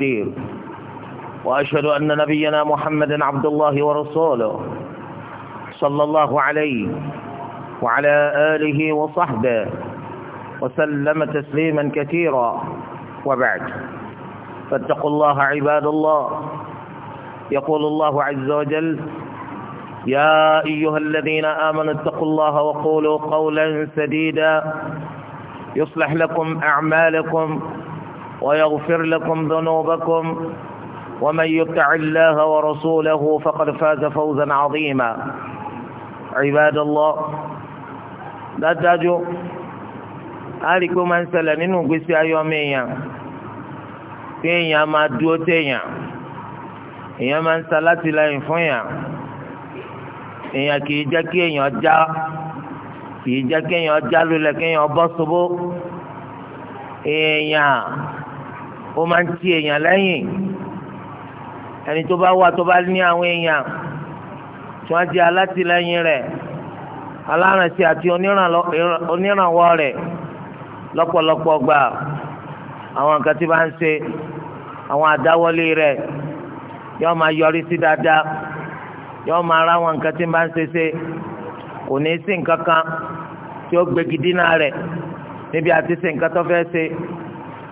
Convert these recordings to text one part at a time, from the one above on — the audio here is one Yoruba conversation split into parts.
الدين وأشهد أن نبينا محمد عبد الله ورسوله صلى الله عليه وعلى آله وصحبه وسلم تسليما كثيرا وبعد فاتقوا الله عباد الله يقول الله عز وجل يا أيها الذين آمنوا اتقوا الله وقولوا قولا سديدا يصلح لكم أعمالكم ويغفر لكم ذنوبكم ومن يطع الله ورسوله فقد فاز فوزا عظيما عباد الله لا تاجوا ألكم من سلنين وقسي أيوميا كينيا ما دوتيا èèyàn máa ń sa láti lẹ́yìn fún yàn èèyàn kì í jẹ́ kí èèyàn já kì í jẹ́ kí èèyàn já lulẹ̀ ó máa ń ti èèyàn lẹ́yìn ẹni tó bá wà tó bá ní àwọn èèyàn tí wọ́n jẹ́ alátìlẹ́yìn rẹ̀ alárànṣe àti onírànwọ́ rẹ̀ lọ́pọ̀lọpọ̀ gbà àwọn nǹkan tí bá ń ṣe àwọn àdáwọ́lé rẹ̀ yóò máa yọrí sí dáadáa yóò máa ra àwọn nǹkan tí bá ń ṣe ṣe kò ní í sí nǹkan kan tí ó gbégi rẹ̀ níbi àti nǹkan tó fẹ́ ṣe.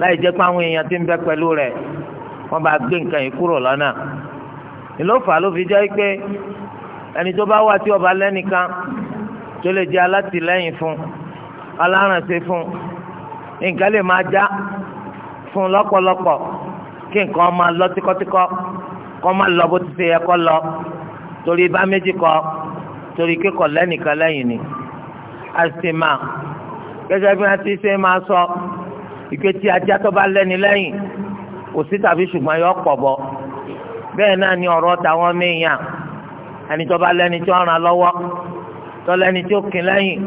láì jẹ́ pé àwọn èèyàn ti ń bẹ pẹ̀lú rẹ̀ wọ́n bá gbé nǹkan yìí kúrò lọ́nà ìlófà ló fi jẹ́ pé ẹni tó bá wà tí ọba lẹ́nìkan tó lè jẹ́ alátìlẹ́yìn fún alárànṣe fún nǹkan lè máa já fún lọ́pọ̀lọpọ̀ kí nǹkan máa lọ tíkọ́tíkọ́ kọ́ máa lọ bó ti ṣe yẹ kọ́ lọ torí bá méjì kọ torí kíkọ lẹ́nìkan lẹ́yìn ni àṣìmá gẹ́gẹ́ bí wọ́n ti ṣe máa sọ. So, ìpè tí ajá tó bá lẹ́ni lẹ́yìn kò sí tàbí ṣùgbọ́n yọ pọ̀ bọ́ bẹ́ẹ̀ náà ni ọ̀rọ̀ táwọn méèyàn ẹni tó bá lẹ́ni tó ràn lọ́wọ́ tó lẹ́ni tó kín lẹ́yìn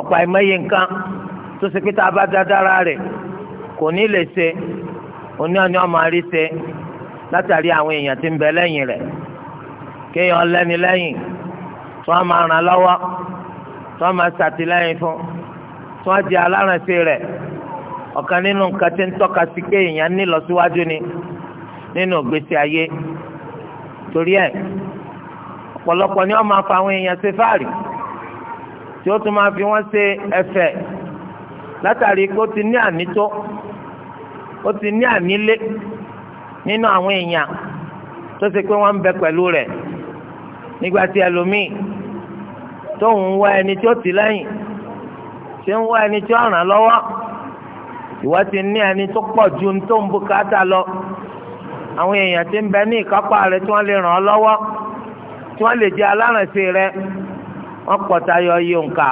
ọ̀pọ̀ àìmọye nǹkan tó ṣe pé tá a bá dáadára rẹ̀ kò ní lè ṣe òní ọ̀ní ọmọ àrí ṣe látàrí àwọn èèyàn ti ń bẹ lẹ́yìn rẹ̀ kéèyàn lẹ́ni lẹ́yìn tí wọ́n máa ràn lọ́wọ́ tí wọ́n máa ṣàtìlẹ́yìn fún wọ́n di alárànṣe rẹ̀ ọ̀kan nínú nǹkan tí ń tọ́ka sí pé èèyàn ní lọ́síwájú ni nínú ìgbésí ayé torí ẹ̀ ọ̀pọ̀lọpọ̀ ni wọ́n máa fa àwọn èèyàn ṣe fáàrí tí ó tún máa fi wọ́n ṣe ẹ̀fẹ̀ látàrí pé ó ti ní ànító ó ti ní ànílé nínú àwọn èèyàn tó ṣe pé wọ́n ń bẹ pẹ̀lú rẹ̀ nígbà tí ẹlòmíì tó ń wá ẹni tó ó tì lẹ́yìn ṣe ń wá ẹni tó ó ràn lọ́wọ́. ìwọ ti ní ẹni tó pọ̀ ju ní tó ń bùkátà lọ àwọn èèyàn ti ń bẹ ní ìkápá rẹ tí wọ́n lè ràn ọ́ lọ́wọ́ tí wọ́n lè jẹ́ alárànṣẹ́ rẹ wọ́n pọ̀ tayọ iye òǹkà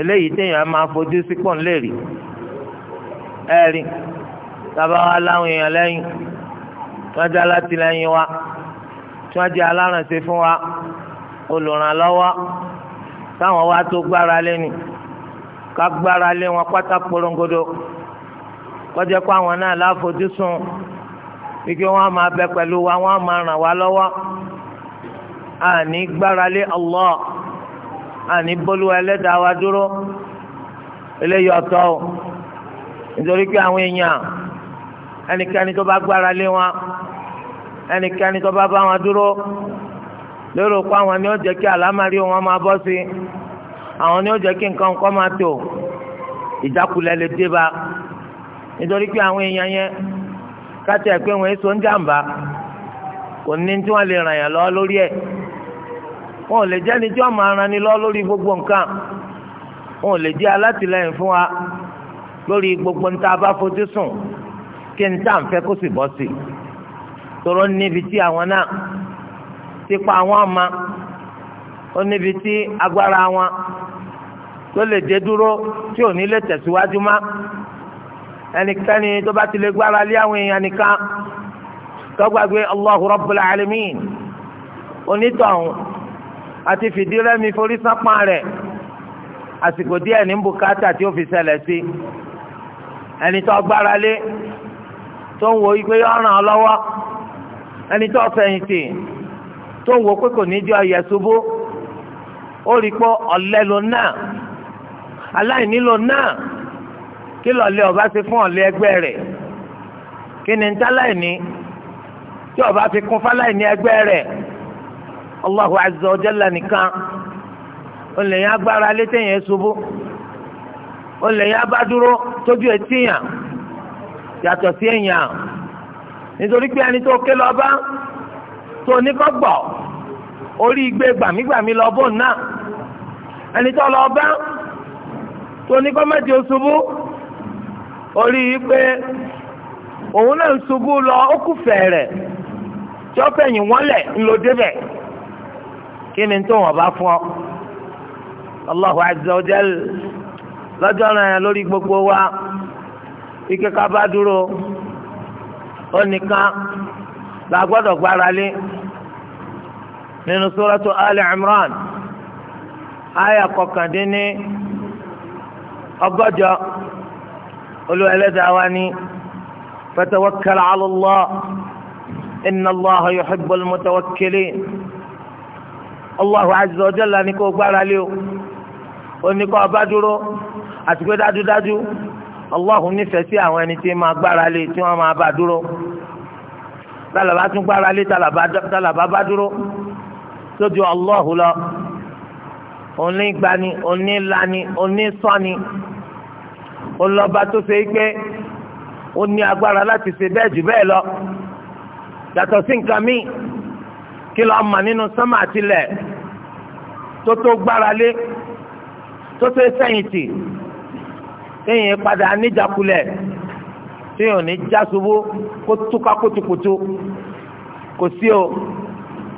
eléyìí téèyàn máa fojú sí pọ̀ ńlẹ́rì ẹ̀rí tábà wá láwọn èèyàn lẹ́yìn tí wọ́n jẹ́ alátìlẹ́yìn wa tí wọ́n jẹ́ alárànṣẹ́ fún wa olùrànlọ́wọ́ táwọn wa tó gbára lé ni ká gbára lé wọn pátá polongodo. kọjá kó àwọn náà láfojúsùn wípé wọn máa bẹ pẹ̀lú wa wọn máa ràn wá lọ́wọ́ àní gbáralé ọlọ àní bólú wa dúró eléyìí ọ̀tọ̀ o nítorí pé àwọn èèyàn ẹnikẹ́ni tó bá gbáralé wọn ẹnikẹni tó bá bá wọn dúró lérò pé àwọn ni ó jẹ kí wọn máa sí àwọn ni ó kí nǹkan kọ́ nítorí pé àwọn èèyàn yẹn káti ẹ̀ pé wọ́n èso ń jàǹbá kò ní tí wọ́n lè ràn yàn lọ́wọ́ lórí ẹ̀ wọn ò lè jẹ́ ni tí wọ́n máa ran ni lọ́wọ́ lórí gbogbo nǹkan wọn ò lè jẹ́ alátìlẹ́yìn fún wa lórí gbogbo ń tá a bá fojú sùn kí n tá à kó sì bọ́ sí i níbi tí àwọn náà tipa àwọn ọmọ ó níbi tí agbára wọn tó lè dé dúró tí ò ní lè tẹ̀síwájú máa. ẹnikẹ́ni tó bá ti lè gbára lé àwọn èèyàn nìkan tó gbàgbé Allahu Rabbul Alamin onítọ̀hún àti fìdírẹ́mi forí sápá rẹ̀ àsìkò díẹ̀ ní bùkátà tí ó fi ṣẹlẹ̀ sí ẹni tó gbára lé tó ń wo ipe yọ ràn lọ́wọ́ ẹni tó fẹ̀yìntì tó ń wo pé kò ní jọ yẹ̀ ṣubú ó rí pé ọ̀lẹ́ lò náà aláìní náà. kí lọ́lẹ́ ọba ṣe fún ọ̀lẹ́ ẹgbẹ́ rẹ̀ kí ni ń táláìní tí ọba fi kún fáláìní ẹgbẹ́ rẹ̀ Allahu azza wa jalla nìkan olèyìn agbára létẹ̀yìn ṣubú olèyìn abádúró tójú etí yàn yàtọ̀ sí èèyàn nítorí pé ẹni tó ké lọ́ba tó oníkọ́gbọ̀ orí igbe gbàmígbàmí lọ́bọ̀ náà ẹni tó lọ́ba tó oníkọ́mẹ́tì oṣubú. orí pé òun náà ń ṣubú lọ ó kù tí ó wọ́lẹ̀ ńlọ débẹ̀ kí ni tó wọ́n bá fún ọ Allahu azza lọ́jọ́ náà yẹn lórí gbogbo wa ike ká bá dúró ó nìkan la gbọ́dọ̀ nínú Ali Imran aya kọkàndínní ọgọ́jọ. olú ẹlẹ́dàá wa ní fatawakkal ala Allah inna Allaha yuhibbul mutawakkilin Allahu azza wa jalla ní kó gbára lé o ó ní kó ọba dúró àti pé dájúdájú Allahu nífẹ̀ẹ́ sí àwọn ẹni tí máa gbára lé tí wọ́n máa bá dúró tálàbá tún gbára lé tálàbá bá dúró sójú Allahu gbani òní lani òní sọ́ni ó lọ́ba tó ṣe é pé ó ní agbára láti ṣe bẹ́ẹ̀ jù bẹ́ẹ̀ lọ yàtọ̀ sí nǹkan míì kí lọ́ọ́ mà nínú sánmà àtilẹ̀ tó tó gbára lé tó tó sẹ́yìntì téèyàn padà níjàkulẹ̀ téèyàn ní jásubú kó túká kótókótó kò sí o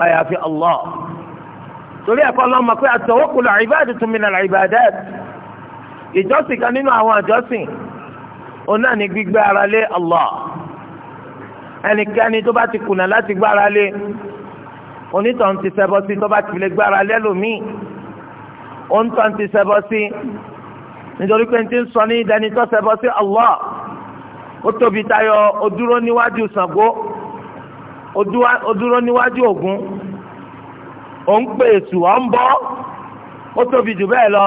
àyàfi Allah torí ẹ̀kọ́ lọ́mọ pé àtọ̀wọ́kùlù àìbáàdì tún mi nà àìbáàdì ẹ̀ ìjọsìn kan nínú àwọn àjọsìn òun náà ní gbígbé ara lé Allah ẹnikẹ́ni tó bá ti kùnà láti gbára lé onítàn ti ṣẹbọ sí tó bá ti lè gbára lé lòmíì onítàn ti ṣẹbọ sí nítorí pé n ti sọ ní ìdẹni tó ṣẹbọ sí Allah ó tóbi tayọ ó dúró níwájú Ṣàngó ó dúró níwájú Ògún ó ń pè èṣù ó ń bọ ó tóbi jù bẹ́ẹ̀ lọ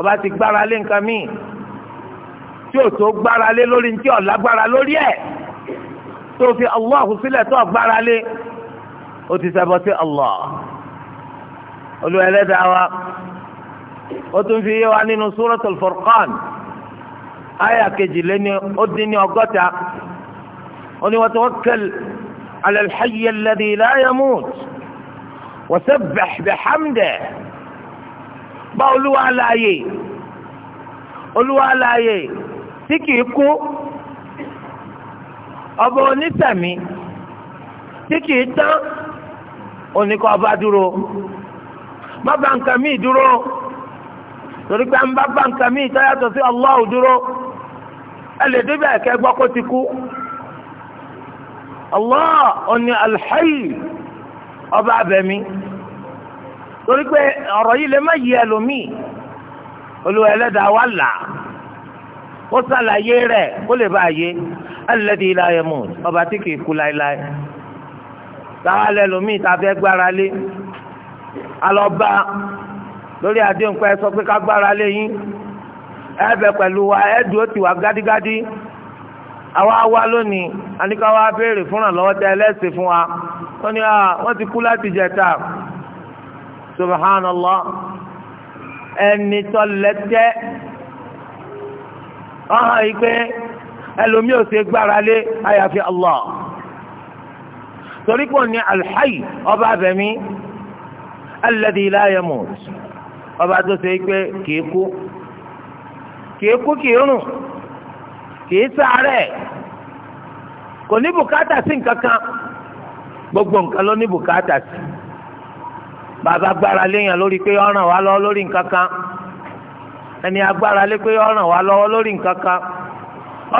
ọba ti gbára lé nǹkan míì tí o tó gbára lé lórí tí ọ̀la gbára lórí ẹ̀ tó fi Allah sílẹ̀ tó gbára lé o ti ṣẹbọ sí Allah Olúwa ẹlẹ́dàá wa ó tún fi yé wa nínú Suratul Furqan aya kejìléní ó dín ní ọgọ́ta ó ní wa tawakkal ala al-hayy alladhi la yamut wa sabbih bihamdihi. bá olúwa láàyè olúwa láàyè tí kìí kú ọba onísẹ̀mí tí kìí tán oníkọ́ ọba dúró má bà nǹkan míì dúró torí pé ń bá bà nǹkan míì tó yàtọ̀ sí Allah dúró ẹ lè débẹ̀ kẹ́ gbọ́ kó ti kú Allah oní alḥayy ọba abẹ̀mí. torí pé ọ̀rọ̀ yìí lè má yí ẹlòmíì olùwà ẹlẹ́dàá wà là ó sàlàyé rẹ̀ ó lè bá a yé alẹ́dí ilá yẹ mọ̀ ọba tí kìí kú láéláé táwa lẹ́lòmíì tá a fẹ́ gbára lé alọ́ba lórí àdéhùn pé ẹ sọ pé ká gbára lé yín ẹ bẹ̀ pẹ̀lú wa ẹ dùn ti wà gádígádí àwa wá lónìí àníkà wa béèrè fúnra lọ́wọ́ tẹ ẹlẹ́sìn fún wa wọ́n ní wọ́n ti kú láti jẹta subhanallah ẹni tó lẹ́tẹ́ ọ̀hán yìí pé ẹlòmíì ò ṣe gbára lé àyàfi allah torí pọ̀ ní alḥayy ọba abẹ̀mí alladhi la yamut ọba tó ṣe pé kìí kú kìí kú kìí rùn kìí sàárẹ̀ kò ní bùkátà sí nǹkan kan gbogbo nǹkan ló ní bùkátà sí i. bàbá gbára léèyàn lórí pé ó ràn wá lọ́wọ́ lórí nǹkan kan ẹni agbára lé pé ó ràn wá lọ́wọ́ lórí nǹkan kan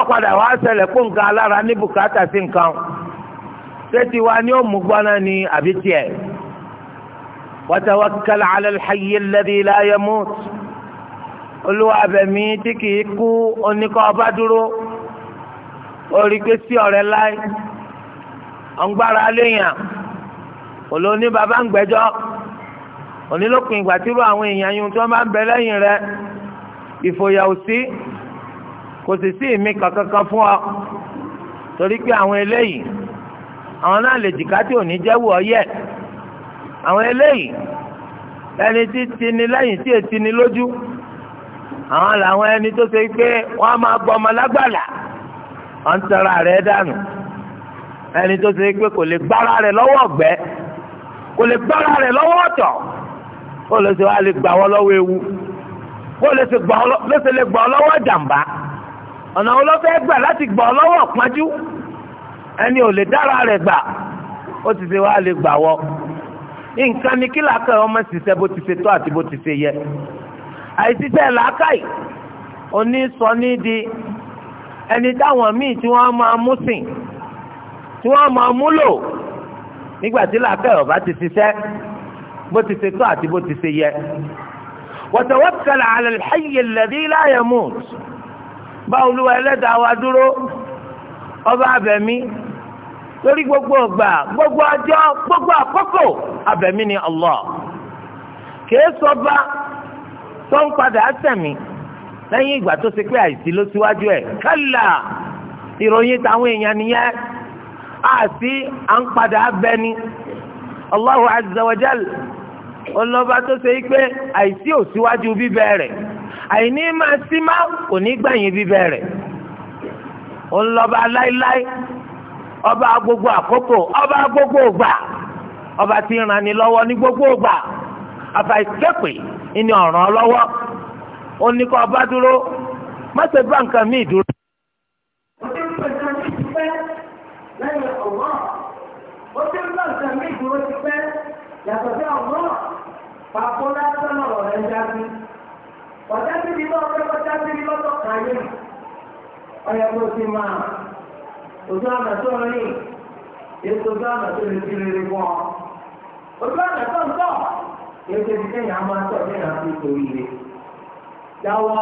padà wá kó nǹkan alára ní bùkátà sí ni ó mú ni àbí tiẹ̀ wa tawakkal ala al-hayy alladhi la tí kì ọba dúró orí pé sí ọ̀rẹ́ ọ̀ngbára léèyàn olóní ń gbẹ́jọ́. onílòpin ìgbà tí irú àwọn èèyàn yìí tí wọ́n bá ń bẹ lẹ́yìn rẹ ìfòyà ò sí kò sì sí ìmí kankankan fún ọ torí pé àwọn eléyìí àwọn náà lè jìká tí ò ní jẹ́wù ọyẹ àwọn eléyìí ẹni tí tini lẹ́yìn tí èti ni lójú àwọn làwọn ẹni tó ṣe pé wọ́n á máa gbọ́ ọmọ lágbàlá wọ́n ń tẹ̀ra rẹ̀ dànù ẹni tó ṣe pé kò lè gbára rẹ̀ lọ́wọ́ ọ̀gbẹ́ kò lè gbára rẹ̀ lọ́wọ́ ọ̀tọ̀ bọ́ọ̀lù ẹsẹ̀ wa lè gbà wọ́n lọ́wọ́ ewu bọ́ọ̀lù ẹsẹ̀ lọ́sẹ̀ lè gbà wọ́n lọ́wọ́ jàǹbá ọ̀nà wo ló fẹ́ gbà láti gbà wọ́n lọ́wọ́ ọ̀pọ̀njú ẹni ò lè dára rẹ̀ gbà ó ti ṣe wa lè gbà nǹkan ni kí làákà ọmọ ṣiṣẹ́ bó ti ṣe tó àti bó ti ṣe yẹ àìsíṣẹ́ làákàyè òní sọ ní di ẹni táwọn míì tí wọ́n máa mú sìn tí wọ́n máa mú lò nígbà tí làákà ọba ti ṣiṣẹ́ bó ti ṣe tó àti bó ti ṣe yẹ. wa tawakkal ala al-hayy alladhi la yamut bá olúwa ẹlẹ́dàá wa dúró ọba abẹ̀mí lórí gbogbo ọgbà gbogbo ọjọ́ gbogbo àkókò abẹ̀mí ni Allah kìí sọba tó ń padà sẹ̀mí lẹ́yìn ìgbà tó ṣe pé àìsí ló síwájú ẹ̀ kálá ìròyìn táwọn èèyàn nìyẹn àti à ń padà bẹni Allahu azza ọlọ́ba tó ṣe pé àìsí ò síwájú bíbẹ̀ rẹ̀ àìní máa sí má kò ní gbẹ̀yìn bíbẹ̀ rẹ̀ ọlọ́ba láíláí ọba gbogbo àkókò ọba gbogbo ògbà ọba ti ń rani lọ́wọ́ ní gbogbo ògbà àfàìkẹ́pẹ́ ìní ọ̀ràn lọ́wọ́ ó ní kó ọba dúró má ṣe bá nǹkan míì dúró. ó ń bá nǹkan dúró ti pẹ́ lẹ́yìn ọ̀wọ́ ń bá nǹkan dúró ti pẹ́. yàtọ̀ sí ọ̀gbọ́n pàpọ̀ lásán lọ̀rọ̀ ń jáde ọ̀já sí ibi náà ọjọ́ ọjá sí ibi lọ́tọ̀ káyé ọ̀yẹ́ kó ti máa ojú ọ̀nà tó ń rìn ètò ojú ọ̀nà tó lè fi rere wọ́ ojú ọ̀nà tó ń tọ̀ ètò ìdíkẹ́yìn àmọ́ tọ̀ ní ìrántí ìtòrí rẹ̀ jáwọ́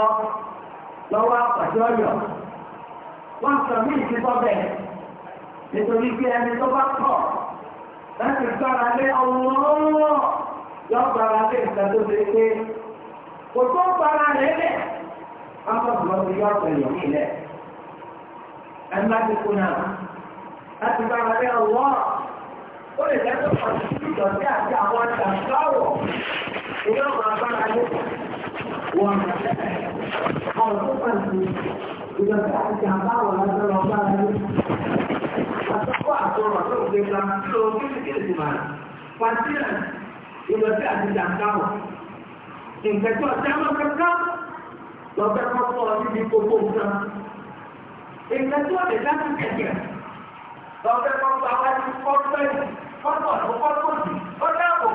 lọ́wọ́ àpàjọ ọ̀yọ́ wọ́n sọ ní ìdíkọ́ bẹ́ẹ̀ nítorí pé ẹni tó bá kọ̀ láti gbára lé ọlọ́rọ̀ yọ gbára lé nǹkan tó ṣe pé kò tó gbára rẹ̀ lẹ̀ pápákọ̀ ti yọ ọ̀pẹ̀ yọ̀ mí lẹ̀ ẹ̀ má ti kú náà láti gbára lé ọlọ́rọ̀ ó lè jẹ́ tó pàṣẹ ìjọ̀sí àti àwọn àṣàṣàwọ̀ ìyá ọ̀rọ̀ agbára lé wọn ọ̀rọ̀ tó pàṣẹ ìjọ̀sí àti àbáwọ̀ lọ́dọ̀ ọ̀gbára lé àtọ́kọ́ àtọ́rọ̀ àtọ́kọ́ ìgbà àwọn ti kọ́kọ́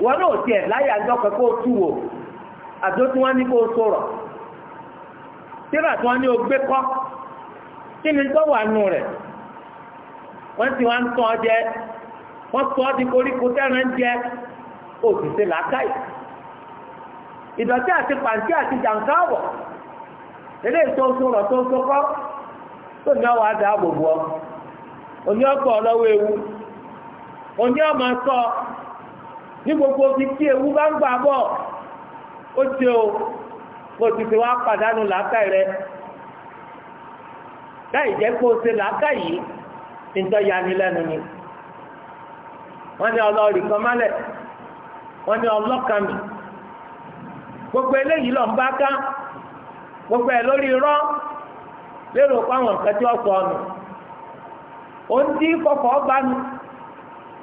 wọn náà tiẹ̀ láyé àjọ kan kó àjọ tí wọ́n ní kó sọ̀rọ̀ tí wọ́n ní o kọ́ kí ni tó wà nù rẹ̀ wọ́n ti wá ń ọ jẹ wọ́n sọ di koríko tẹ́ran ń jẹ òṣìṣẹ́ làákàyè ìdọ̀tí àti pàǹtí àti jàǹkáwọ̀ tó sọ̀rọ̀ tó sọ́kọ́ tó ní ọwọ́ àbòbò ọ ọkọ̀ ọlọ́wọ́ ewu ọmọ sọ ní gbogbo fi tí ewu bá ń gbà bọ̀ ó ti o mo ti ti wá pàdánù làákàyè rẹ láì jẹ́ kó o ṣe làákàyè yìí nítorí yanilẹ́nu ni wọ́n ní ọlọ́ọ̀rì kan wọ́n ní ọlọ́kan mi gbogbo eléyìí lọ ń bá ká gbogbo ẹ̀ lórí irọ́ lérò ọ̀nà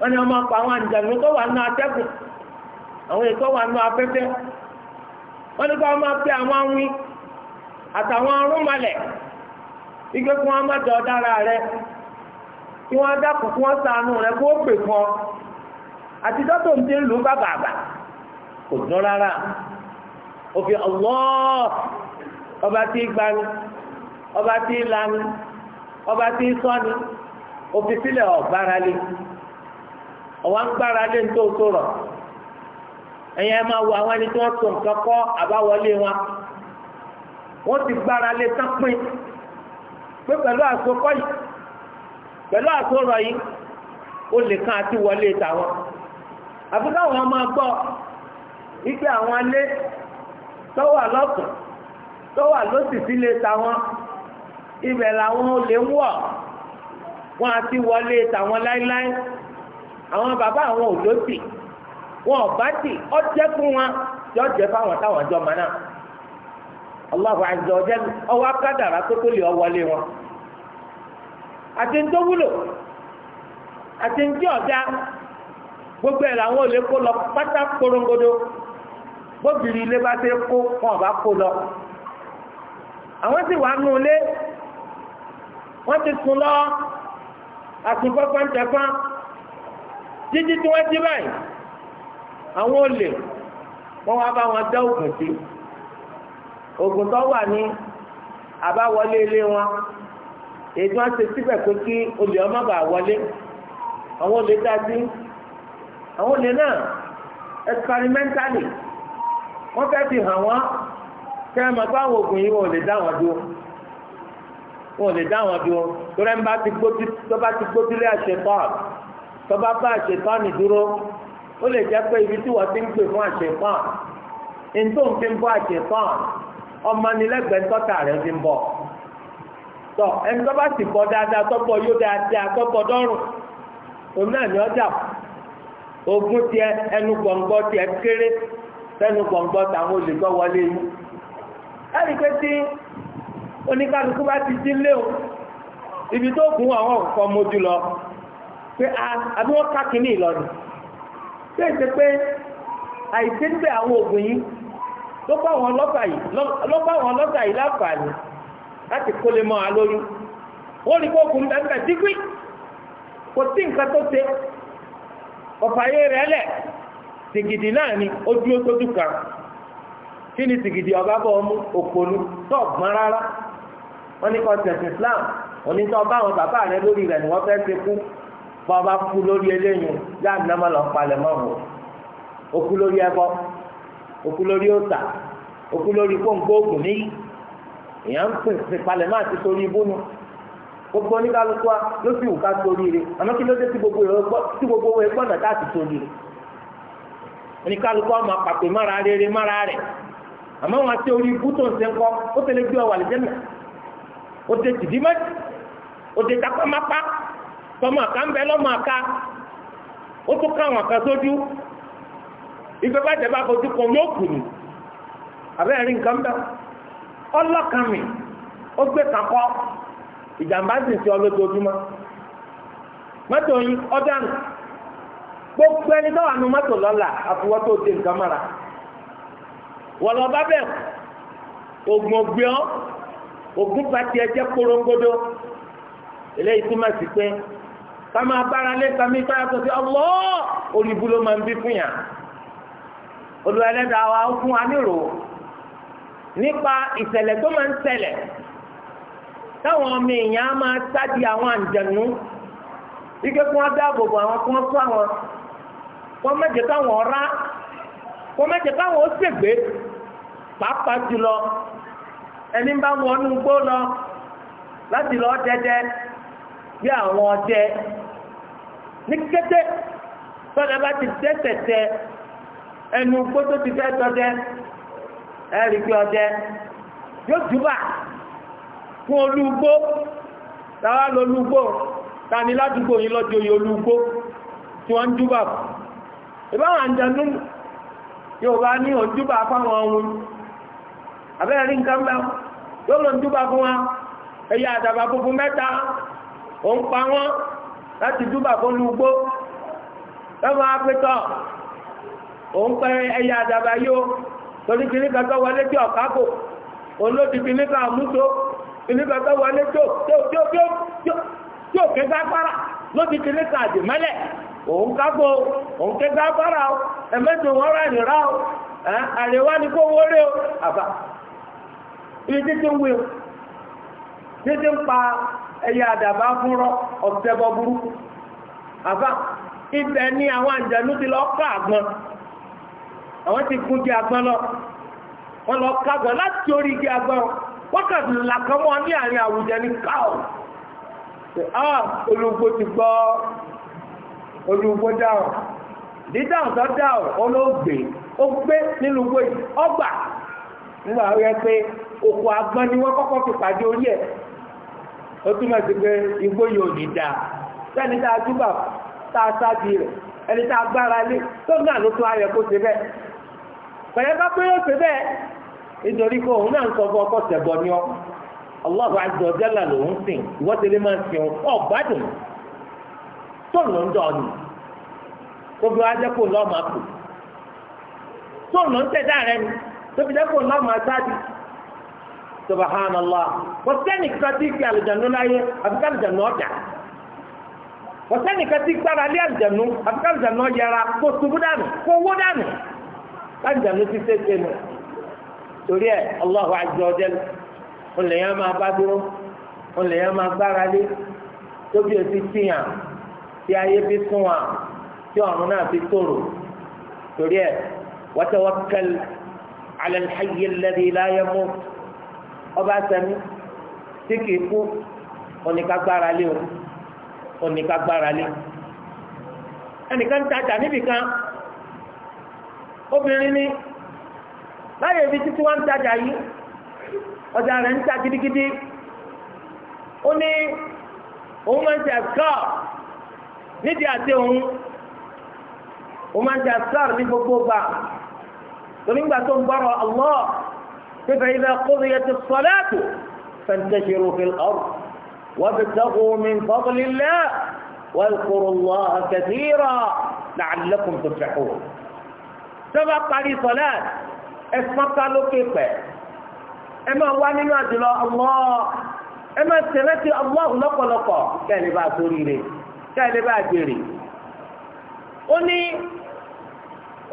wọ́n ní ọmọ ọkọ̀ àwọn àǹjànú tó wà nù atẹ́gùn àwọn ètò wà nù afẹ́fẹ́ wọ́n ní kó wọ́n máa pẹ́ àwọn awin àtàwọn arúnmalẹ̀ ike kí wọ́n má jọ dára rẹ kí wọ́n dákun kí wọ́n ṣàánú rẹ kó pè fún ọ àti dọ́tò ń ti lù bàbàbà kò dún rárá òfin ọlọ́ọ̀ ọba tí gbani ọba tí lani ọba tí sọ́ni òfin sílẹ̀ ọ̀gbára lé ọ̀wá ń gbára lé ní tó tó rọ̀ ẹ̀yẹ máa wo àwọn ẹni tí wọ́n tó nǹkan kọ́ àbáwọlé wọn wọ́n ti gbára lé sánpin pé pẹ̀lú àsokọ́ yìí pẹ̀lú àsorọ̀ yìí ó lè kan àti wọlé tàwọn àfi káwọn máa gbọ́ ike àwọn alé tó wà lọ́tún tó wà tàwọn ibẹ̀ làwọn olè ń wọ̀ wọn àti wọlé tàwọn láíláí àwọn bàbá àwọn ò ló tì wọn ò bá tì ọ jẹ́ fún wọn yọ jẹ́ fáwọn táwọn jọ mọ náà Allahu azza wa jalla ọwọ́ akádàrá pé kó lè ọwọ́lé wọn àti ń tó wúlò àti ń tí ọ̀dá gbogbo ẹ̀ làwọn olè kó lọ pátá korongodo gbóbìrì ilé bá ti kó wọn bá kó lọ àwọn sì wàá nù ilé wọn ti sùn lọ àsùnfọ́fọ́n tẹ̀fọ́n jíjí tí wọ́n jí báyìí àwọn olè wọ́n wá bá wọn dá ògùn sí ògùn tó wà ní àbáwọlé ilé wọn èyí tí wọ́n ṣe síbẹ̀ pé kí olè ọmọ bà wọlé àwọn olè dá sí àwọn olè náà experimentally wọ́n fẹ́ fi hàn wọ́n kẹ́ ẹ mọ̀ pé àwọn ògùn yìí wọn ò lè dá wọn dúró wọn ò lè dá wọn dúró torí ẹ bá ti gbójú tó bá ti gbójú lé àṣẹ bọ́ọ̀lù tọ́ba bá àṣetánì dúró ó lè jẹ́ pé ibi tí wọ́n ti ń pè fún àṣetán ntó ń fi ń bọ́ àṣetán ọmọnilẹ́gbẹ̀ẹ́ tọ́ta rẹ̀ ti ń bọ̀ tọ́ ẹni tó bá sì bọ́ dáadáa tọ́pọ̀ yóò dáadáa tọ́pọ̀ dọ́rùn òun náà ní ọjà ogun tiẹ ẹnu gbọ̀ngbọ́ tiẹ kéré sẹ́nu gbọ̀ngbọ́ tàwọn olùkọ́ wọlé yìí ẹ̀rí pé tí oníkálukú bá ti dín léwu ibi tó gùn àwọn nǹkan mojú lọ pé àbí wọ́n ká kínní pé pé àìsí àwọn òògùn yìí ló bá wọn láti kó lè a lórí rí kó kùn bẹ́ẹ̀ dígbì kò sí nǹkan tó ṣe ọ̀fàyè rẹ̀ lẹ̀ sìgìdì náà ni ó dúró sójú kan kí ni sìgìdì ọba bọ̀ ọmú tó rárá ní bá bàbá lórí ni bọ́ ọba kú lórí eléyìí yá nàmọ́ lọ palẹ̀ mọ́ wò lórí ẹbọ ó lórí ọ̀tà ó lórí kóńkó ògùn ní èèyàn ń pè pè palẹ̀ máa ti torí gbogbo oníkálukú wa ló sì wù ká torí rẹ̀ àmọ́ kí ló dé tí gbogbo owó ẹgbọ́n ti torí oníkálukú wa máa pàpè mára rere mára wọn àti orí ibú tó ń sọmọ àká ń bẹ lọ́mọ àká ó tún káwọn kan sójú ìgbẹ́ bàjẹ́ bá fojú kan yóò kù ní abẹ́rẹ́ rí nǹkan bẹ́ẹ̀ ọlọ́kàmì ó gbé kankọ́ ìjàmbá sì ń ṣe mọ́tò yín gbogbo ẹni tó wà nù mọ́tò lọ́la àfiwọ́ tó nǹkan mọ́ra bá korongodo eléyìí túmọ̀ sí kama abara bára lé kàmí káyà tó fi ọlọ́ olùbú ló máa ń bí fún yà Olúwa wa ó fún wa nírò nípa ìṣẹ̀lẹ̀ tó máa ń ṣẹlẹ̀ táwọn ọmọ èèyàn á máa àwọn àǹjẹ̀nú ike kí wọ́n dáàbò bò àwọn àwọn káwọn ọ̀rá káwọn ó ṣègbè pàápàá jùlọ ẹni bá gbó lọ láti lọ dẹdẹ ní kété tọ́jà bá ti dẹ́sẹ̀ tẹ ẹnu gbótó ti fẹ́ tọ́jẹ́ ẹ̀rí pé ọjẹ́ yóò júbà fún olúgbó táwa lọ olúgbó tani ládùúgbò yìí lọ́jọ́ yìí olúgbó tí wọ́n ń júbà fún ìbáwọn àjẹnú yóò bá ní òjúbà fáwọn ohun abẹ́rẹ́ nǹkan bá yóò lọ ń júbà fún wa ẹ̀yà àdàbà funfun mẹ́ta òun pa wọ́n láti dúbà kó lu gbó lọ́mọ apẹ́tọ̀ òun pẹ́ ẹyà àdàbà yóò torí kìíní kankan wọlé tí ọ̀ká kò òun ló ti kìíní kan àmúso kìíní kankan wọlé tí ò ké sápára ló ti kìíní kan àdìmọ́lẹ̀ òun kágbó òun ké sápára o ẹ̀mẹ́tò wọn rà nìra o àríwá ni kó wọlé o àbá ibi títí ń wí o títí ń pa ẹyẹ àdàbà fúnrọ́ ọ̀sẹ̀bọ burúkú àbá ibẹ̀ ni àwọn àǹjẹ̀lú ti lọ ká àgbọn àwọn ti gún di àgbọn lọ wọn lọ ká àgbọn láti orí igi àgbọn wákàtí làkàmọ́ ní àárín àwùjẹ ní káò ah olùgbò ti gbọ́ olùgbò dáhùn dídáhùn tó dáhùn olóògbé ó gbé nínú gbòyìn ọgbà nígbà wíwẹ́ pé òkú àgbọn ni wọ́n kọ́kọ́ fi pàdé Otu túmọ̀ pé igbó yóò ní dáa sẹ́ni tá a túbà tá a sáàdì rẹ̀ ẹni tá a gbára lé tó náà ló tún ayẹ kó ṣe bẹ́ẹ̀ pẹ̀lẹ́ bá pé yóò ṣe bẹ́ẹ̀ nítorí pé òun náà ń sọ fún ọkọ̀ ṣẹ̀bọ̀ ni ọ Allahu azza wa lòun sìn ìwọ́tẹ̀lẹ́ máa ń sìn ọ̀gbádùn tó subhanallah kò sẹ́ni kàtí kí àlùjànnú láyé àfikà àlùjànnú ọjà kò sẹ́ni kàtí gbára lé àlùjànnú àfikà àlùjànnú yẹra kò ṣubú dànù kò wó dànù àlùjànnú ti ṣèṣe nù torí ẹ Allahu azza wa máa bá dúró olèyàn máa gbára lé tóbi ò ti tí ayé fi sún wa tí ọ̀run náà fi tòrò torí ẹ wa tawakkal ala al-hayy alladhi la yamut ọba sẹmi tí kìí kú oníkagbára lé o oníkagbára lé ẹnìkan tajà níbìkan obìnrin ni láyé ibi títí wọn ń tajà yìí ọjà rẹ̀ ń ta gidigidi ó ní òun máa ń ṣe àṣkọ́ nídìí àti òun òun máa ń ṣe àṣkọ́ ní gbogbo gbà torí ń gbà tó ń gbọ́rọ̀ Allah. فإذا قضيت الصلاة فانتشروا في الأرض وابتغوا من فضل الله واذكروا الله كثيرا لعلكم تفلحون سبق قالي صلاة اسمطلوا كيف اما هو من اجل الله اما سنتي الله لقى لقى كان بقى سوريري كان بقى جيري قلني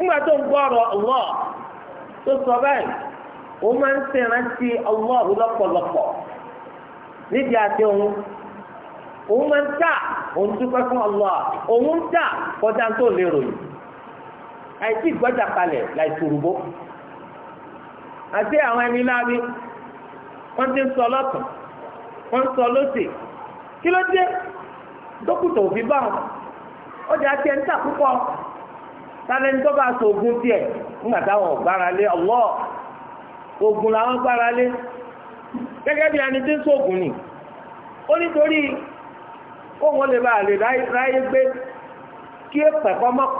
ما تنقر الله تصبعي ó máa ń ṣèrántí ọlọ́ọ̀rù lọ́pọ̀lọpọ̀ níbi àti òun o máa ń tà òun dúpẹ́ fún ọlọ́ọ̀ òun ń tà kọjá tó lérò yìí àìsí ìgbọ́jà kalẹ̀ láì sòrùbó àti àwọn ẹni láàbí wọ́n ti ń sọ lọ́tún wọ́n ń sọ lọ́sì kí ló dé dókítà òfin bá wọn tà púpọ̀ bá sọ tiẹ̀ ńgbà táwọn ọ̀gbára lé ogun làwọn gbára lé gẹ́gẹ́ bí ẹni tí ń ni ó nítorí kóhun lè bá lè ráyé gbé kí èpè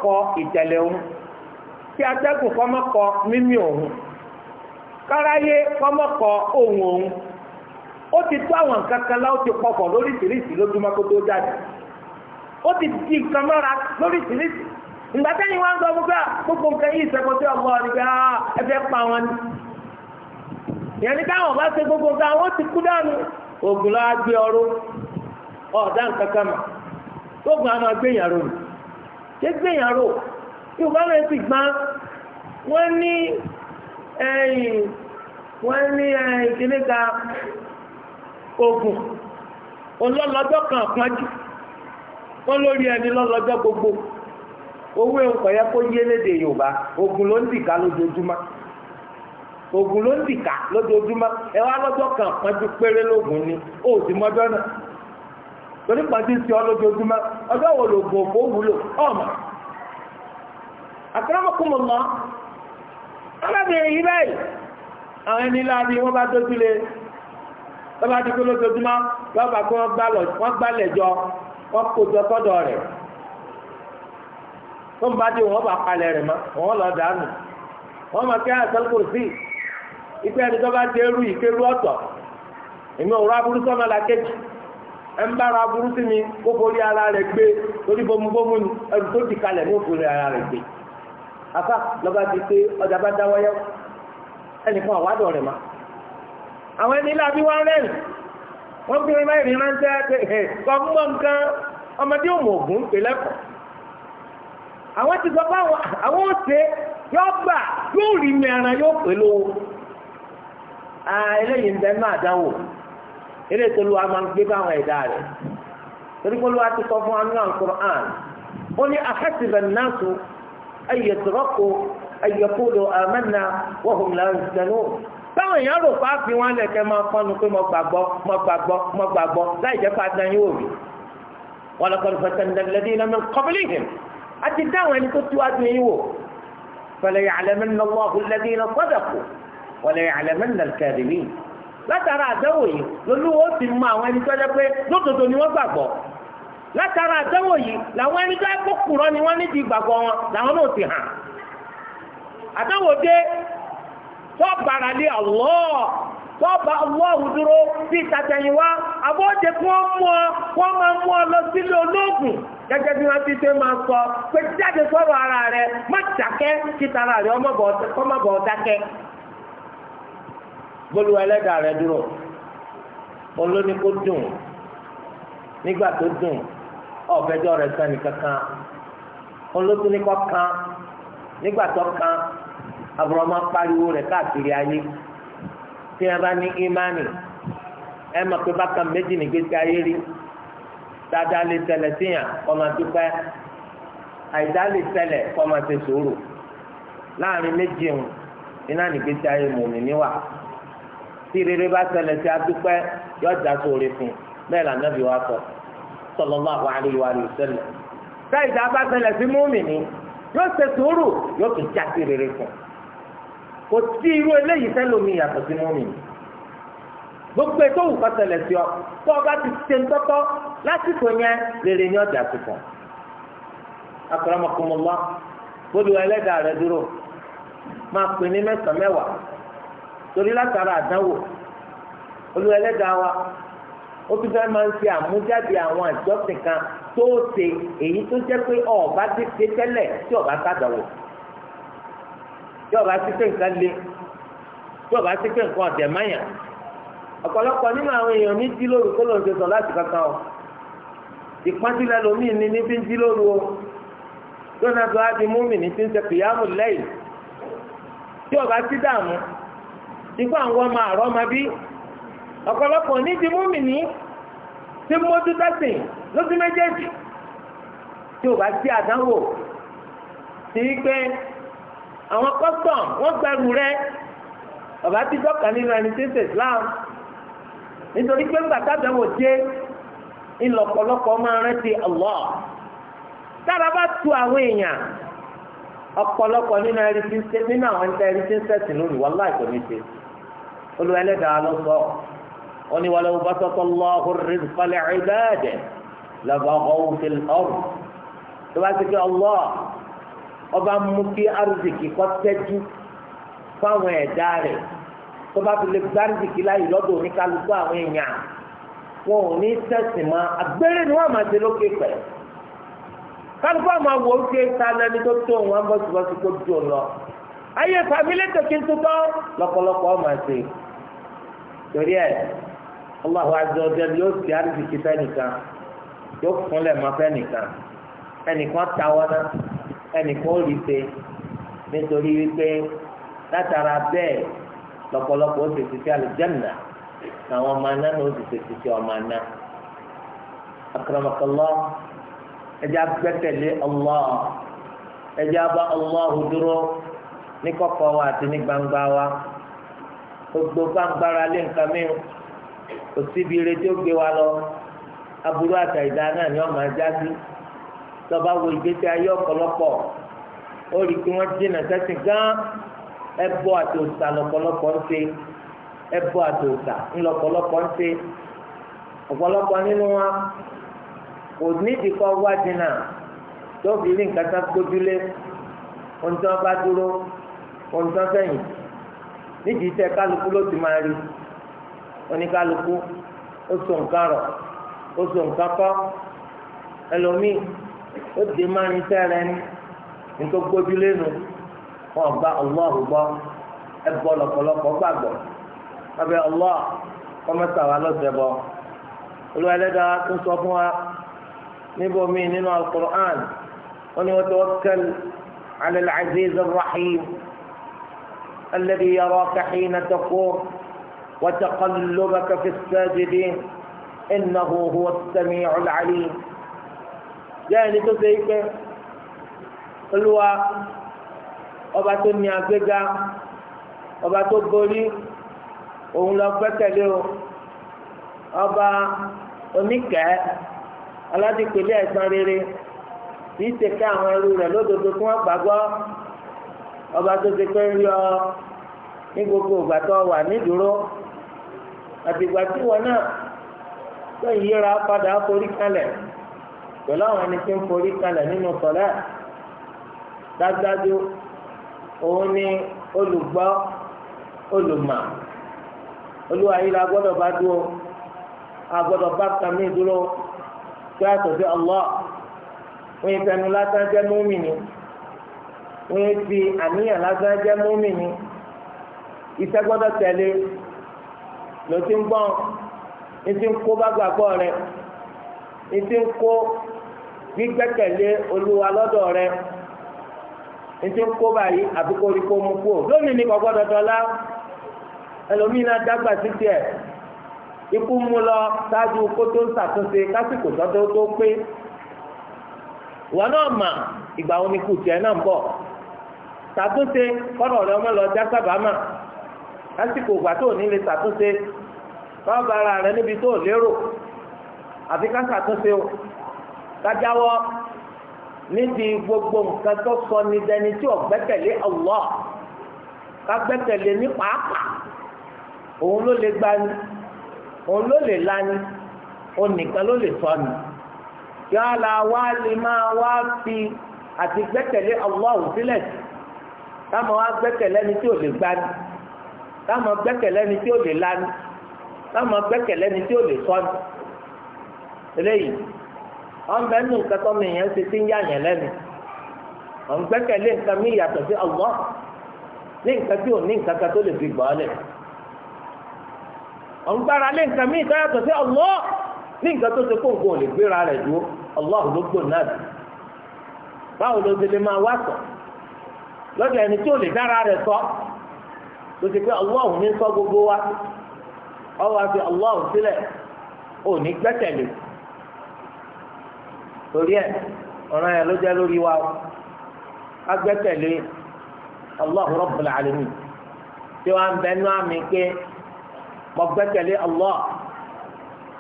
kọ́ ìjẹ̀lẹ̀ òun kí atẹ́gùn kọ́ mímí òun káráyé òun ó ti tó àwọn nǹkan kan láwọn ti pọkàn lóríṣiríṣi lójúmọ́ kó tó jáde ó ti di yẹn ní bá ṣe gbogbo nǹkan àwọn ti kú dànù oògùn lọ́wọ́ gbé ọrú ọ̀dà nǹkan kan mà oògùn àwọn agbéyàn rò ṣé gbéyàn rò yorùbá náà ti gbá wọ́n ní wọ́n ní ìkíníkà oògùn olólọ́jọ́ kan pọ́njú lórí ẹni lọ́lọ́jọ́ gbogbo owó ẹ̀kọ́ yẹ kó yé léde yorùbá Ogun ló ń dìgbà lójoojúmọ́. ogun ló ń dìkà lójoojúmọ́ ẹ wá lọ́jọ́ kan pọ́njú péré lóògùn ni ó sì mọ́jọ́ náà torí ọ lójoojúmọ́ ọjọ́ wo lòògùn òfò wúlò ọ̀mà àkàràmọ́kùnmọ̀ mọ́ alábìnrin yìí báyìí àwọn ẹni láàbí wọ́n bá dójú lọ́ba lọ́ba kó wọ́n jọ wọ́n kó jọ sọ́dọ̀ rẹ̀ tó ń bá dé bá palẹ̀ rẹ̀ mọ́ lọ dànù ipe ẹni tó bá ti rú ìkéru ọ̀tọ̀ èmi ò aburú sọ́nà làkejì ẹ aburú sí mi kó forí ara rẹ̀ gbé torí bomubomu ẹrù tó ara rẹ̀ gbé afa lọ́ba ti pé ọjà bá dáwọ́ yẹ ẹnì ma àwọn ẹni ilé àbí wọn rẹ̀ wọ́n fi rẹ̀ rìn ránṣẹ́ pé mọ́ nǹkan ọmọdé òmò ògùn àwọn ti sọ àwọn òṣè eléyìí ń bẹ náà dánwò eléyìí tó lu wa máa ń gbé báwọn ẹ̀dá rẹ̀ torí pé olúwa ti sọ fún wa nínú Al-Qur'an ó ní ahasiba an-nasu an yutraku an yaqulu amanna wa hum la yuftanun báwọn èèyàn rò pa fi wọn lẹ̀kẹ́ máa fọ́nu pé mo gbàgbọ́ mo gbàgbọ́ mo gbàgbọ́ láì jẹ́ pé adan yóò rí wọn lọ́kọ́ lọ́kọ́ sẹ́ńdẹ̀ lẹ́dí iná mi àti dáhùn ẹni tó tiwájú yín wò fẹlẹ̀ yàlẹ́ mi lọ́wọ́ ọ̀hún lẹ́dí iná kù wọlé àlẹmẹ́rin nàìjíríà mi látara àdánwò yìí lolúwo ti mọ àwọn ẹni tó yẹ pé lódodo ni wọ́n gbàgbọ́ látara àdánwò yìí làwọn ẹni tó yẹ kó kúrọ ni wọ́n nídìí gbàgbọ́ wọn làwọn náà ti hàn àdánwò dé tó bàrà lé ọ̀wọ́ tọ́ba ọlọ́ọ̀hù dúró bíi tàtẹ̀yìnwá àbọ̀dé kí wọ́n mú ọ wọ́n máa mú ọ lọ sílé olóògùn gẹ́gẹ́ bí wọ́n ti ṣe máa sọ pé jáde sọ̀rọ̀ ara rẹ má dákẹ́ kí tara rẹ ọmọ bọ̀ dákẹ́. gbólúwa ẹlẹ́dàá rẹ dúró olóní kó dùn nígbà tó dùn ọ̀fẹ́jọ́ kan nígbà tó kan aburoma pariwo rẹ káàkiri ayé tí a bá ní imani ẹ mọ̀ pé bákan méjì nígbèsí ayé rí dáadáa lè síyàn àìdá lè sòrò láàrin tí rere bá ṣẹlẹ̀ sí adúpẹ́ yóò já sóore fún bẹ́ẹ̀ là nàbí wa sọ sallallahu alaihi wa sallam táyì tá a bá ṣẹlẹ̀ sí múmìnì yóò ṣe sùúrù yóò tún já sí rere fún kò sí irú eléyìí sẹ́lómi yàtọ̀ sí múmìnì gbogbo ètò òwò kọsẹlẹ sí ọ tó o ti ṣe ń tọtọ lásìkò yẹn rere ní ọjà tuntun akọrọmọkùnmọlá gbọdọ ẹlẹdàá rẹ dúró máa pè ní mẹ́sàn mẹ́wàá torí látara àdánwò olú ẹlẹ́dàá wa ó tún fẹ́ máa ń ṣe àmújáde àwọn àjọsìn kan tó ṣe èyí tó jẹ́ pé ọ̀ọ́bá ti ṣe tẹ́lẹ̀ tí ọ̀bá sàdánwò tí ọ̀bá ti pé nǹkan le tí ọ̀bá ti pé nǹkan ọ̀dẹ̀ máyà ọ̀pọ̀lọpọ̀ nínú àwọn èèyàn ní jí lóru kó ló ń ṣe sọ láti kankan o ìpọ́njúlẹ̀ lomi ni níbi ń jí lóru o tó náà tó á di múmi ní ti ń ṣe kìyàmù lẹ́yìn tí ọ̀bá ti dààmú ikú àwọn ọmọ àrọ́ ọmọ bí ọ̀pọ̀lọpọ̀ ní ti múmìnì tí mójú tẹ́sìn lójú méjèèjì tí ò bá sí àdánwò sí pé àwọn custom wọ́n gbẹrù rẹ ọ̀bá ti dọ́kà nínú ẹni tí ń ṣe Islam nítorí pé ńgbà tábẹ̀wò dé tu àwọn èèyàn ọ̀pọ̀lọpọ̀ nínú ẹni tí ń olú ẹlẹ́dàá ló sọ wọn ni wàlẹ́ òbá sọ́tọ́ lọ́hùn rìzfalẹ̀ ìbáàdẹ̀ lọ́ba ọ̀hún fi ọ̀rùn tó bá ti kí ọlọ́ ọba mú kí arúzìkì kọ́ tẹ́jú fáwọn ẹ̀dá rẹ̀ tó bá fi lè gba arúzìkì láyè lọ́dọ̀ oníkálukú àwọn èèyàn wọn ò ní tẹ̀sìn mọ́ agbẹ́rẹ́ ni wọ́n máa ṣe lókè pẹ̀ kálukú àwọn awò ó ṣe ta lẹ́ni tó tó wọn bọ́sibọ́sí kó dùn lọ ayé fàmílẹ́tọ̀ kí n tó tọ́ lọ́pọ̀lọpọ̀ ọ̀ máa torí ẹ̀ Allahu azza wa jalla yóò ti àrísìkí fẹ́nìkan yóò fúnlẹ̀ mọ́ fẹ́nìkan ẹnìkan táwọn náà ẹnìkan ò rí pé nítorí wípé látara bẹ́ẹ̀ lọ́pọ̀lọpọ̀ ó sì ti fi àlùjánnà àwọn ọmọ aná ni ó sì ti fi ọmọ aná. akramakallah ẹjẹ́ agbẹ́kẹ̀lé Allah ẹjẹ́ abá Allah dúró ní kọ̀kọ̀ wa àti ní gbangba wa gbogbo gbàngbára lé nǹkan mìíràn kò síbi ire tí ó gbé wa lọ aburú àtàyídá náà ni wọn máa já sí lọba wo ìgbésí ayé ọ̀pọ̀lọpọ̀ ó rí i pé wọ́n jìnnà sẹ́sìn gán ẹbọ àti òòṣà lọ́pọ̀lọpọ̀ ń ṣe ẹbọ àti òòṣà ńlọ́pọ̀lọpọ̀ ń ṣe ọ̀pọ̀lọpọ̀ nínú wa kò nídìí kọ́ wá jìnnà tó fi nǹkan tá gbójúlé ohun tí wọ́n bá dúró ohun tí wọ́n fẹ̀yìn tì nídìí iṣẹ́ kálukú ló ti máa rí oníkálukú ó so nǹkan rọ̀ ó so nǹkan kọ́ ẹlòmíì ó dé máa ń iṣẹ́ rẹ ní nítorí gbójúlé nu wọn gba ọlọ́ọ̀hún gbọ́ ẹ bọ́ lọ́pọ̀lọpọ̀ gbàgbọ́ wọn bẹ ọlọ́ọ̀ kọ́mẹ́sà wa lọ́sẹ̀ sọ fún wa níbo mi nínú alukur'an wọn ni wọ́n ti wọ́n kẹ́lẹ́ làzíz rahim. الذي يراك حين تقوم وتقلبك في الساجدين إنه هو السميع العليم يعني تزيك الوا ọba tó ní agbéga ọba tó borí òun lọ gbẹ́kẹ̀lé o ọba oníkẹ́ aládìpẹ̀lẹ́ ẹ̀san rere kì í ṣe ká àwọn ẹrú rẹ̀ lódodo tí wọ́n gbàgbọ́ ọba tó ti pé ń yọ ní gbogbo ìgbà tó wà nídúró àtìgbà tí wọn náà tó yíra padà forí kalẹ̀ pẹ̀lú àwọn ẹni tí ń forí kalẹ̀ nínú sọ̀lẹ́ dájúdájú òun ni olùgbọ́ olùmọ̀ olúwa yìí la gbọ́dọ̀ bá dúró a gbọ́dọ̀ bá kàmí dúró kí a tọ̀ sí ọlọ́ fún ìfẹnu látàjẹ́ mọ́mìnì wọ́n yé fi àníyàn lásán jẹ́ múmi ni iṣẹ́ gbọ́dọ̀ tẹ̀lé ló ti ń gbọ́n ní ti ń kó bá gbàgbọ́ rẹ̀ ní ti ń kó gbígbẹ́kẹ̀lé olúwa lọ́dọ̀ rẹ̀ ní ti ń kó báyìí àbí kó rí kó mú kú ò lónìí ní kọ́kọ́ dọ̀dọ̀lá ẹlòmíín adágbà títí ẹ̀ ikú mú lọ ṣáájú kó tó ń ṣàtúnṣe kásìkò tọ́tọ́ tó pé wọn náà mà ìgbà wo ni kùtì ẹ̀ náà ń bọ̀. ṣàtúnṣe kọ́nà rẹ ọmọ lọ já sábàámà lásìkò tó ní lè ṣàtúnṣe bá ara rẹ níbi tó lérò àti ká ṣàtúnṣe o kájáwọ́ níbi gbogbo nǹkan tó sọ ní dẹni tí ò gbẹ́kẹ̀lé ní pàápàá òun ló lè òun ló lè òun nìkan ló lè wá táwọn wá gbẹ́kẹ̀lé ẹni tí ò lè gbani táwọn gbẹ́kẹ̀lé ẹni tí ò lè lani táwọn tí ò lè sọni eléyìí wọn bẹ nù kẹtọ mi yẹn ṣe ti ń yà yẹn lẹ́nu wọn gbẹ́kẹ̀lé nǹkan mi yàtọ̀ sí ní nǹkan tí ò ní nǹkan kan tó lè fi gbọ́ ọ lẹ̀ wọn gbára lé nǹkan mi tó yàtọ̀ sí ọgbọ ní nǹkan tó ṣe kó ò lè gbéra lọ́dọ̀ ẹni tí ò lè dára rẹ̀ sọ tó ti pé Allahu ní sọ gbogbo wa ọwọ́ àti Allahu sílẹ̀ ò ní gbẹ́tẹ̀lé torí ẹ̀ ọ̀ràn yẹn ló jẹ́ lórí wa agbẹ́tẹ̀lé Allahu Rabbul Alamin tí wọ́n á bẹ nú àmì pé mo gbẹ́tẹ̀lé Allah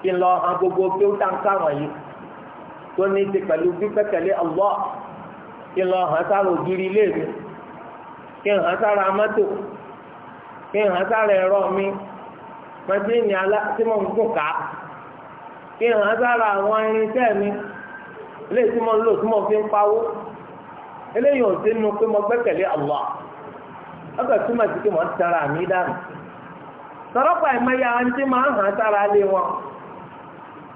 kí n lọ hàn gbogbo kí ó dáńká wọ̀nyí tó ní ti pẹ̀lú gbígbẹ́tẹ̀lé Allah kí n lọ hàn sáré ògiri ilé mi. kí n hàn mọ́tò kí n hàn ẹ̀rọ mi mọ́tíìnì tí mo ń gùn ká kí n àwọn irinṣẹ́ mi eléyìí tí mo ń lò tí mo fi ń pawó eléyìí ò sí nu pé mo gbẹ́kẹ̀lé Allah mo tara mi dànù sọ̀rọ̀pọ̀ àìmọye àwọn tí máa ń hàn lé wọn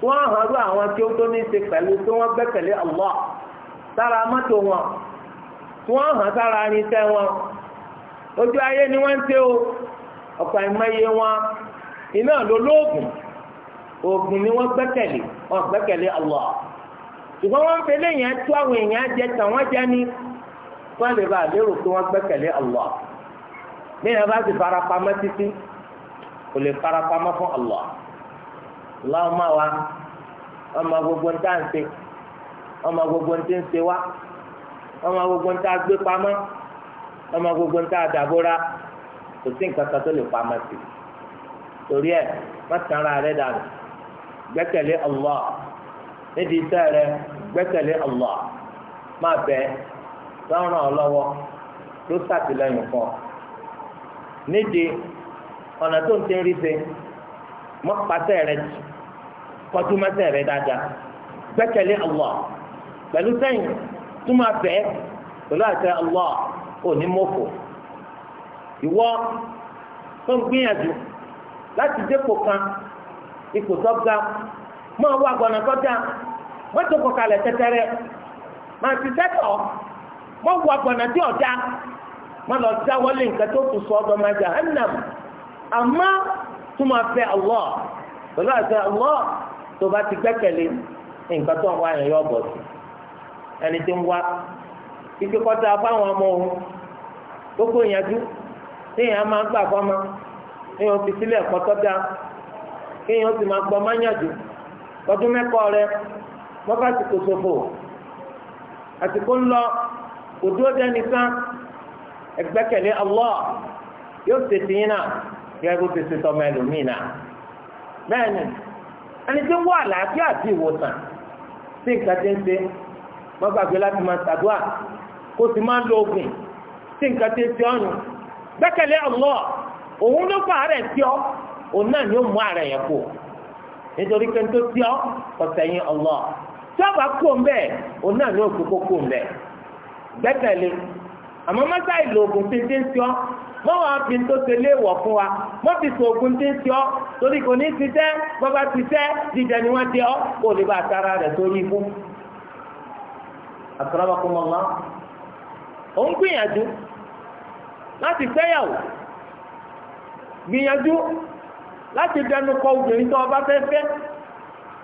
wọ́n hàn lọ àwọn tí ó tó ní ṣe pẹ̀lú tí wọ́n gbẹ́kẹ̀lé Allah sára mọ́tò wọn wọ́n hàn sára irinṣẹ́ ojú ayé ni wọ́n ń tẹ́ o ọ̀pọ̀ àìmọye wọn iná ló lóògùn oògùn ni wọ́n gbẹ́kẹ̀lé wọ́n gbẹ́kẹ̀lé Allah ṣùgbọ́n wọ́n ń fẹlẹ́ yẹn tú àwọn èèyàn jẹ tàwọn jẹ ní wọ́n lè bá lérò pé wọ́n gbẹ́kẹ̀lé Allah bí yẹn bá ti fara pamọ́ títí kò lè fara pamọ́ fún Allah lọ́mọ wa ọmọ gbogbo ń tà ń ṣe ọmọ gbogbo ń ti ń ṣe wa ọmọ gbogbo ń tà gbé pamọ́ ọmọ gbogbo ń tá a dàbóra kò sí nǹkan kan tó lè pamọ́ sí torí ẹ má tanra rẹ dànù gbẹ́kẹ̀lé Allah nídìí iṣẹ́ rẹ gbẹ́kẹ̀lé Allah máa bẹ lọ́rùn ọ lọ́wọ́ ló ṣàtìlẹ́yìn fún ọ nídìí ọ̀nà tó ń tẹ́ rí ṣe mọ́ pàṣẹ rẹ jù kọjú mẹsẹ rẹ dáadáa gbẹ́kẹ̀lé Allah pẹ̀lú sẹ́yìn tó máa bẹ pẹ̀lú àṣẹ Allah. òní mọ́fò ìwọ tó ń gbìyànjú láti dépò kan ipò tó ga máa wá gbọ̀nà tó dáa wọ́n kọkalẹ̀ tẹ́tẹ́rẹ́ máa ti sẹ́tọ̀ wọ́n wá gbọ̀nà tí ọ̀dá máa lọ dáwọ́lé nǹkan tó tù sọ ọdọ máa jahannam àmọ́ tó máa fẹ́ Allah pẹ̀lú àti Allah tó bá ti gbẹ́kẹ̀lé nǹkan tó ń wá yẹn yọ ọ̀bọ̀ sí gbogbo ìyànjú téèyàn máa ń gbà fọ́mọ téèyàn fi sílẹ̀ ẹ̀kọ́ tó dáa sì máa gbọ́ mányàjú tọdún mẹ́kọ́ rẹ mọ́fà sì kò ṣòfò àsìkò ń lọ kò dúró dẹ́ni sán ẹgbẹ́kẹ̀lé Allah yóò tètè yín náà kó tètè tọmọ ẹlòmíì náà bẹ́ẹ̀ ni ẹni tí ń wọ àlàáfíà ìwòsàn sí mọ́fà láti máa ṣàdúrà kó sí nǹkan tí ti ọ̀nù gbẹ́kẹ̀lé Allah òun ló fà rẹ̀ tí òun náà ni ó mú ara yẹn kú nítorí pé tó tí tí ó bá kú ọ̀nbẹ́ òun náà ni ó kú kú ọ̀nbẹ́ gbẹ́kẹ̀lé àmọ́ mọ́tà ògùn tí ń tí mọ́ fi tó ṣe fún wa mọ́ láti fẹ́yàwó gbìyànjú láti dẹnu kọ obìnrin tó ọba fẹ́ fẹ́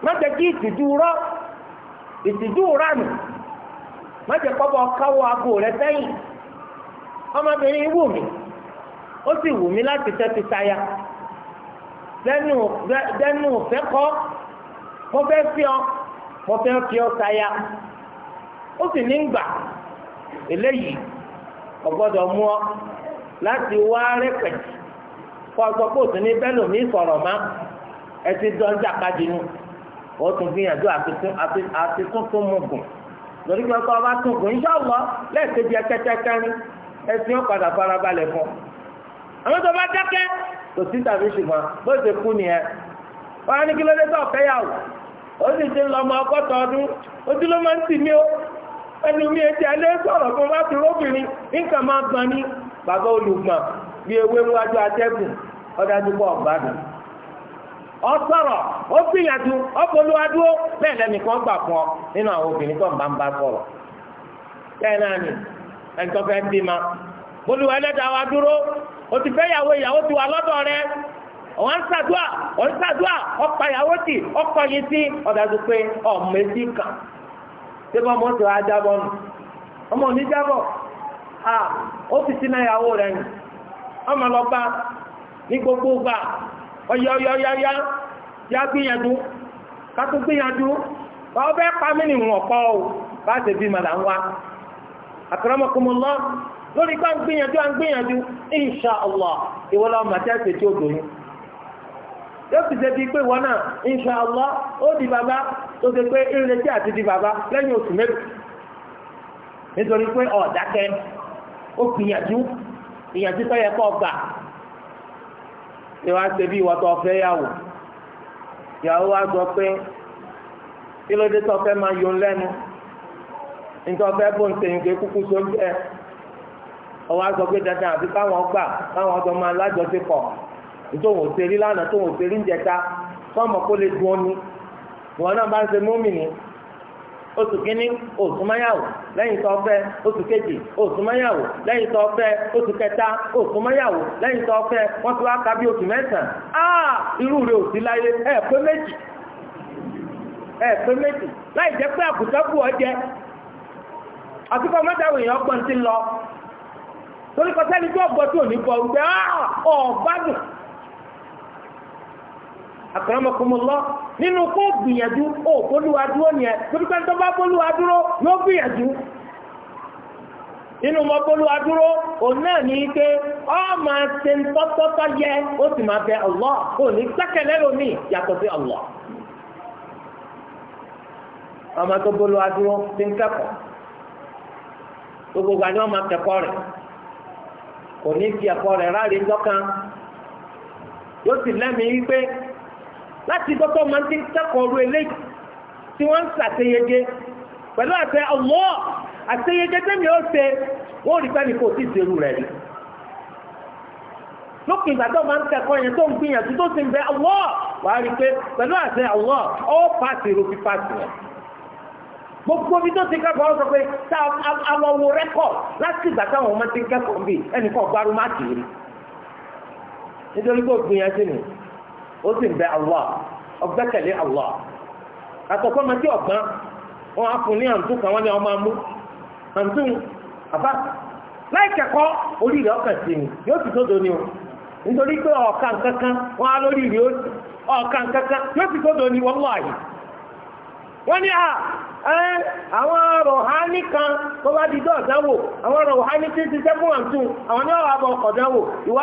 ma kí ìtìjú rọ ìtìjú ránù má jẹ́ káwọ́ aago rẹ sẹ́yìn ọmọbìnrin wù mí ó sì wù mí láti tẹ́ ti dẹnu fẹ́ mo fẹ́ fi ọ mo fẹ́ fi ọ ó sì ní gbà eléyìí láti wá rẹpẹtì kọ sọ pé òsì ní bẹ́lòmí sọ̀rọ̀ má ẹ ti dọ́jà kájínú ó tún gbìyànjú àti tuntun mú gùn lórí pé ọkọ ọba tún gùn inshallah lẹ́ẹ̀kejì ẹ̀kẹ́kẹ́kẹ́ ní ẹsìn ọ̀padà farabalẹ̀ fún un. àwọn tó bá dákẹ́ kò sí tàbí ṣùgbọ́n bó ṣe kú nìyẹn. wọ́n á ní kí ló dé tó fẹ́yàwó ó sì ti lọ ọmọ ọgọ́ta ọdún ojú ló máa ń tì mí o ẹnu mi ètí alẹ́ sọ̀rọ̀ fún wá sí lóbìnrin nǹkan máa gbọ́n ní bàbá olùgbọ̀n bí ewé atẹ́gùn ọ̀dájú pọ̀ gbádùn. ọ sọ̀rọ̀ ó gbìyànjú ó polówádúró bẹ́ẹ̀ gbà ọ nínú àwọn obìnrin tó ń bá ń bá sọ̀rọ̀. bẹ́ẹ̀ náà ni fẹ́ bí ma ẹlẹ́dàá wa dúró o ti fẹ́ yàwó ìyàwó ti wà lọ́dọ̀ rẹ wọ́n ń wọ́n ń ọ̀pá ìyàwó ọkọ̀ yìí sí ọ̀dájú pé kàn. ṣé a ó fi sínú ìyàwó rẹ̀ nù ọmọ lọ ní gbogbo gbà ọyọ ya yá gbìyànjú kátó gbìyànjú wọ́n bẹ́ pa mí ní pọ̀ o bá ṣe bí màdà ń wá akramakumullah lórí pé gbìyànjú à ń gbìyànjú allah ìwọ tí ó yóò pé náà ó di bàbá tó ó gbìyànjú ìyànjú tó yẹ kó gbà ṣe bí ìwà tó ìyàwó wa sọ pé kí ló dé tó fẹ́ máa yọ lẹ́nu nítorí ọfẹ́ bó ń tẹ̀yìn pé kúkú tó ń pé dandan àti káwọn gbà káwọn ọdọ máa lánàá ń jẹta kó lè dùn oṣù kínní oṣù mọ́yàwó lẹ́yìn tó fẹ́ oṣù kejì oṣù mọ́yàwó lẹ́yìn tó fẹ́ oṣù kẹta oṣù mọ́yàwó lẹ́yìn tó fẹ́ wọ́n ti wá ka bí oṣù mẹ́sàn-án irú rẹ̀ ò sí láyé meji pé méjì ẹ̀ pé méjì láì pé àkùtà jẹ lọ torí tó tó ní bọ̀ akramakumullah nínú kó gbìyànjú ó bólúwa dúró nìyẹn torí pé tó bá bólúwa dúró yóò gbìyànjú nínú mọ bólúwa dúró òun náà ní pé ọ máa ṣe ń tọ́tọ́tọ́ yẹ ó sì máa bẹ Allah kò ní gbẹ́kẹ̀lẹ́ lómi yàtọ̀ sí Allah ọmọ tó bólúwa ti ń kẹ́kọ̀ọ́ gbogbo ìgbà máa kẹ́kọ̀ọ́ rẹ̀ kò ní fi ẹ̀kọ́ rẹ̀ ráre lọ́kàn yóò sì lẹ́mìí wípé láti gbọ́tọ̀ máa ti kẹ́kọ̀ọ́ ru eléyìí tí wọ́n ń ṣàṣeyege pẹ̀lú àṣẹ ọ̀wọ́ àṣeyege tẹ́mi ó ṣe wọ́n rí pẹ́ni kò sí ìṣerú rẹ̀ rí lókè ìgbà tó máa ń kẹ́kọ̀ọ́ yẹn tó ń gbìyànjú tó sì ń bẹ ọ̀wọ́ wàá rí pé pẹ̀lú àṣẹ ọ̀wọ́ ó pàṣẹ ìrò fífàṣẹ rẹ̀ gbogbo omi tó ti kẹ́kọ̀ọ́ ọ sọ pé tá àwọn wo rẹ́kọ̀d láti ìgbà táwọn ọmọ ti kẹ́kọ̀ọ́ bíi ẹnì kan gbárùmá kiri nítorí pé ògbìyànjú nìyí ó sì ń bẹ Allah ọgbẹ́kẹ̀lé Allah àtọ̀kọ́ máa tí ọ̀gbọ́n wọn á fún ní àǹtú kan wọ́n ní ọmọ amú àǹtú àbá láì kẹ́kọ̀ọ́ orí rẹ̀ ọkàn sí ni yóò sì tó doni o nítorí pé ọ̀kan kankan wọn á lórí rẹ̀ ọ̀kan kankan yóò sì tó doni wọ́n wà yìí wọ́n ní à ẹ́ àwọn rọ̀hání kan tó bá di dọ́ọ̀dánwò àwọn rọ̀hání tí ti sẹ́kùn àǹtú àwọn ní ọ̀rọ̀ àbọ̀ ọ̀dánwò ìwà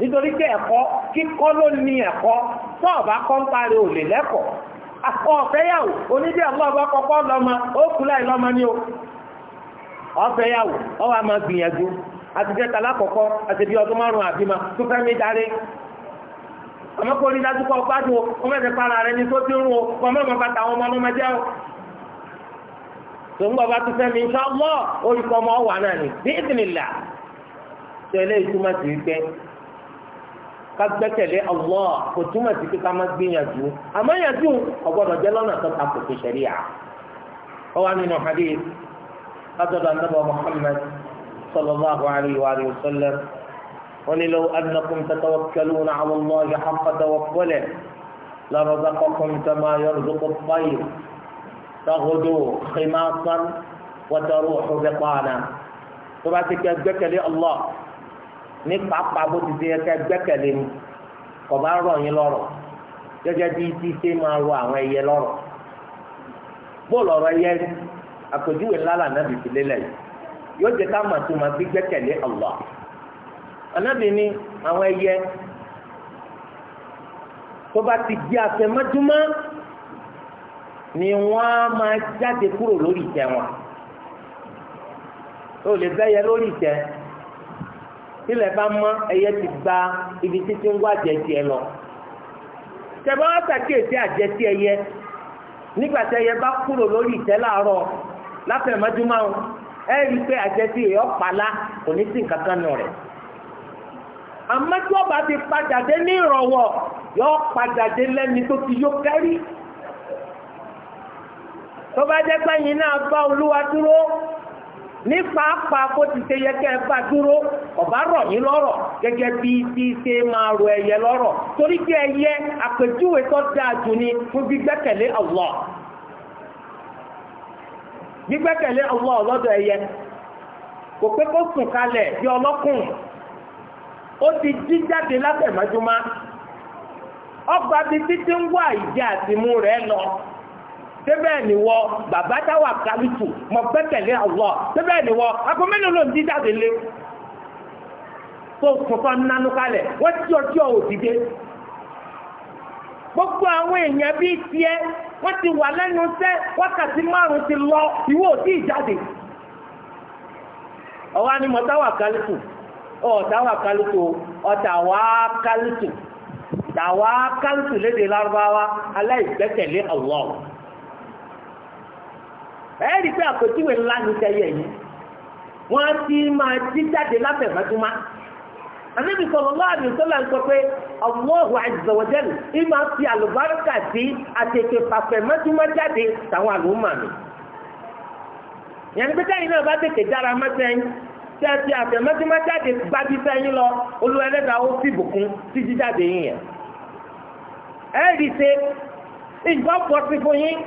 nítorí pé ẹ̀kọ́ kíkọ́ ló ní ẹ̀kọ́ tó ọ̀bá kọ́ ń parí ò lè lẹ́kọ̀ọ́ ọ̀fẹ́yàwó onídìí ọlọ́ọ̀bá kọ́kọ́ lọ́mọ ó kú ní o ọ̀fẹ́yàwó ọwọ́ a máa gbìyànjú àti jẹ́ta lákọ̀ọ́kọ́ àti bí ọdún márùn-ún àbímọ tó fẹ́ mi darí àmọ́ kò rí dájú o wọ́n para rẹ ní tó ti rún o ọmọ ọmọ o ká gbẹ́kẹ̀lé Allah kò túmọ̀ sí pé ká má gbìyànjú àmọ́ yànjú ọ̀gbọ́dọ̀ jẹ́ lọ́nà tó ta kò tó ṣẹ̀ríà. ó wà nínú hadith látọ̀dọ̀ anábọ̀ Muhammad sallallahu alayhi wa sallam wọ́n ní law annakum tatawakkaluna ala Allahi haqqa tawakkulihi larazaqakum kama yarzuqu at-tayr taghdu khimasan wa taruhu biqana tó ní pápá bó ti ṣe ẹkẹ gbẹ́kẹ̀lé ni kò bá rọ̀ yín lọ́rọ̀ gẹ́gẹ́ bí ti ṣe máa rọ̀ àwọn ẹyẹ lọ́rọ̀ bóòlù ọ̀rọ̀ ẹyẹ àpèjúwe ńlá là nàbì fi lélẹ̀ yìí yóò jẹ ká màtó máa fi gbẹ́kẹ̀lé Allah ànábì ni àwọn ẹyẹ tó bá ti di àfẹmọ́júmọ́ ni wọ́n á máa jáde kúrò lórí ìtẹ́ wọn ó lè bẹ́yẹ lórí ìtẹ́ ilẹ̀ bá mọ ẹyẹ ti gba ibi títí ń wá àjẹtì ẹ lọ. tẹ̀bọ́n wá sàkíyèsí ẹyẹ nígbà tí ẹyẹ bá kúrò lórí ìtẹ́ láàárọ̀ láfẹ̀mọ́júmọ́ ẹ rí i pé àjẹsí kò ní sí nǹkan kan nù rẹ̀. àmọ́ tí ti padà dé ní yọ padà dé lẹ́ni ní pàápàá bó ti ṣe yẹ kẹ́ ẹ bá dúró ọ̀bá rọ̀ mí lọ́rọ̀ gẹ́gẹ́ bí ti ṣe máa rọ ẹyẹ lọ́rọ̀ torí pé ẹyẹ àpèjúwe tó dáa jù ni fún gbígbẹ́kẹ̀lé Allah gbígbẹ́kẹ̀lé ẹyẹ kò pé kó sùn kalẹ̀ bí ọlọ́kùn ó ti tẹ́bẹ̀ ni wọ bàbá táwà kálífù mọ̀ gbẹ́kẹ̀lé Allah tẹ́bẹ̀ ni wọ akọ mélòó ló ń dídá délé tó kọ̀ọ̀kan nánú kalẹ̀ wọ́n tí ọjọ́ òdìdé gbogbo àwọn èèyàn bíi tiẹ̀ wọ́n ti wà lẹ́nu iṣẹ́ wákàtí márùn ti lọ ìwọ ò tí ọwọ́ ni mo táwà kálífù ọ̀táwà kálífù ọ̀tàwà kálífù tàwà kálífù lédè lárúbáwá aláìgbẹ́kẹ̀lé Allah ẹ̀ẹ́dì pé àpèjúwe ńlá ní tẹ́yẹ yìí wọ́n ti máa jí jáde láfẹ̀mẹ́túmá ànábì sallallahu alaihi wasallam ń sọ pé Allahu azza wa jalla ní máa fi àlùbáríkà sí àtètè fàfẹ̀mẹ́túmá jáde táwọn àlùmọ̀ mi. yẹn pété yìí náà bá tètè dára mẹ́tẹ́yìn tẹ́ fi àfẹ̀mẹ́túmá jáde bá bí sẹ́yìn lọ olú ẹlẹ́dàá ó fi bùkún sí jíjáde yìí yẹn. ẹ̀ẹ́dì ṣe ìjọ́ pọ̀ sí fún yín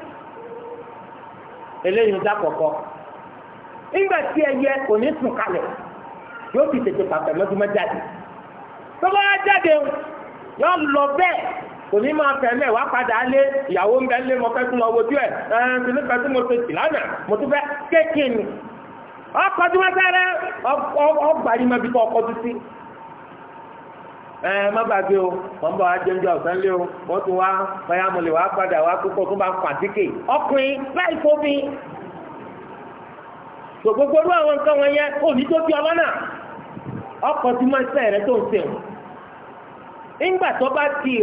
eléyìí dá kọ̀kọ́ nígbà tí ẹyẹ kò ní sùn kalẹ̀ yóò fi tètè pàpẹ́ mọ́júmọ́ jáde tó bá jáde yóò lọ bẹ́ẹ̀ kò ní máa fẹ́ mẹ́ wá padà lé ìyàwó ń bẹ lé mo fẹ́ tún lọ wojú ẹ̀ ẹ̀ẹ́n tí nípa tí mo ṣe sì lánàá mo tún fẹ́ kéèkì ni ọkọ̀ tí wọ́n fẹ́rẹ́ ọgbàrí mọ́bi tó ọkọ̀ tó ẹ má o wọn bọ ajẹjọ ọsán lé o tún wá wá padà wá púpọ̀ tó ń ọkùnrin láì fóbi tó gbogbo irú àwọn nǹkan wọn yẹn òní tó fi ọlọ́nà ọkọ̀ tí máa ń sẹ́ rẹ tó ń sèwọ̀n tó bá ti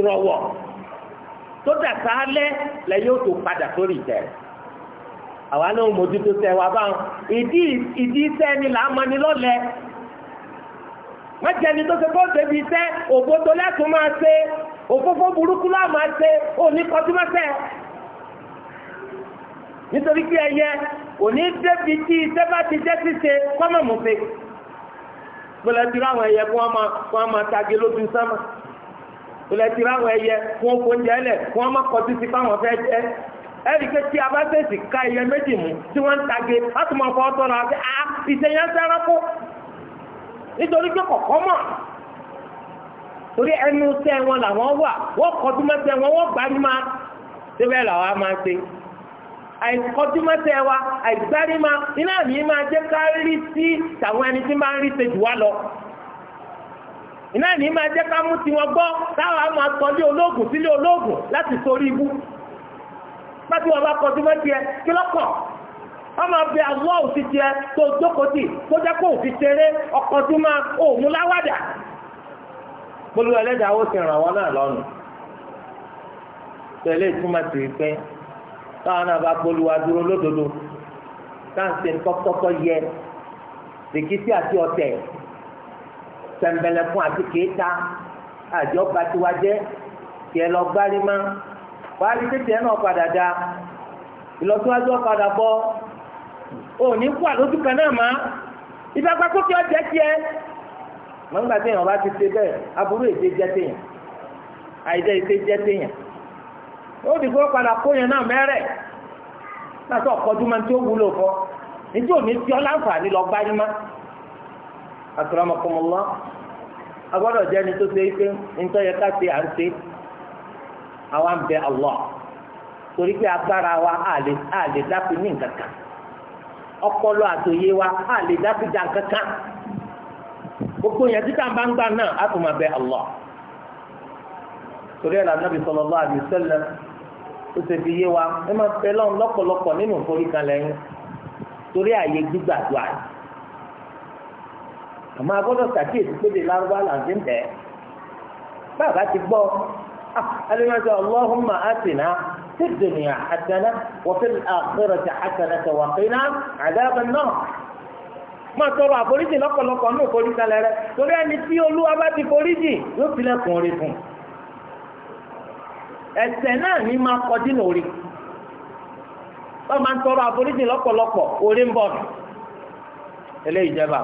tó dà lẹ́yìn ó tó padà sórí àwa náà mójútó ìdí ìdí sẹ́ni mẹ́jẹni tó ṣe bọ́ọ̀dé bíi iṣẹ́ ògbóto lẹ́tún máa ṣe òfófó burúkú láà máa ṣe òní kọtímọ́sẹ̀ nítorí pé ẹyẹ òní débi tí iṣẹ́ bá ti jẹ́ ṣíṣe kọ́mọ̀ mú ṣe gbọ́dọ̀ ti ráwọn ẹyẹ kí wọ́n máa tagé lójú sánmà gbọ́dọ̀ ti ráwọn ẹyẹ kí wọ́n fóúnjẹ lẹ̀ kí wọ́n má kọtí sí fáwọn fẹ́ jẹ́ ẹ̀rí pé tí a bá fèsì ká ẹyẹ méjì mú tí wọ́n ń tagé láti máa fọ́ tọ́ra àti nítorí pé kọ̀kọ́ mọ̀ torí ẹnu tẹ́ wọn làwọn wà wọ́n kọ́túmọ́tẹ́ wọn wọ́n gbárímá síbẹ̀ làwọn á máa ṣe àìkọ́túmọ́tẹ́ wa àìgbárímá iná mi máa jẹ́ ká rí sí tàwọn ẹni tí máa ń rí ṣe jù wá lọ iná mi máa jẹ́ ká mú tiwọn gbọ́ táwọn á máa tọ́lé olóògùn sílé olóògùn láti sórí ibú pàtó wọn bá kọ́túmọ́tẹ́ kí lọ́kàn ọmọ bẹ àwọ òsì tiẹ tó jókòtì tó jẹ́ kó òfin ṣeré ọkọ̀ tó máa òun láwàdà polówó ẹlẹ́dàá ó ti ràn wọ́n náà lọ́nu tẹ̀lé ìtumọ̀ sí i pé táwọn náà bá polówó adúró lódodo táǹsì kọ́kọ́kọ́ yẹ lèkìtì àti ọ̀tẹ̀ tẹ̀m̀bẹ̀lẹ̀kùn àti kéèta àjọ batiwájẹ́ tiẹ̀ lọ gbárí má wàá rí tètè náà padà dá ìlọsíwájú ọ̀padà bọ́. òní wà lójú kan náà má ìfagbákókè ọjà tiẹ̀ mọ̀ nígbà tí bá ti ṣe bẹ́ẹ̀ aburú èdè jẹ́ téèyàn àìjẹ́ èdè jẹ́ téèyàn ó dìgbò padà náà mẹ́rẹ̀ láti ọ̀kọ́jú máa ń tí ó wúlò fọ́ nítorí òní tí ọ láǹfààní lọ má ni tó ṣe é nítorí yẹ ká ṣe à ń ṣe Allah torí pé agbára wa àlè ní nǹkan kan. ọpọlọ àtòyé wa a lè dákújà kankan gbogbo yẹn títà bá ń gbà náà tún máa bẹ Allah torí ẹ̀ la nàbì sallallahu alaihi wasallam ó ṣe fi yé wa ẹ máa fẹ́ lọ́n lọ́pọ̀lọpọ̀ nínú ìforíkanlẹ̀ yín torí àyè gbígbàdúrà yìí àmọ́ agbọ́dọ̀ sàkíyèsí pé lárúbá là ń fi ń ti gbọ́ ah, máa sọ في الدنيا حسنة وفي الآخرة حسنة وقنا عذاب النار máa tọrọ àforíjì lọ́pọ̀lọpọ̀ ní ìforíkalẹ̀ rẹ torí ẹni tí olúwa bá ti foríjì yóò fi lẹ́kùn orí fún un ẹ̀ṣẹ̀ náà ní máa kọjú lórí wọ́n máa ń tọrọ àforíjì lọ́pọ̀lọpọ̀ orí ń bọ̀ nù eléyìí jẹba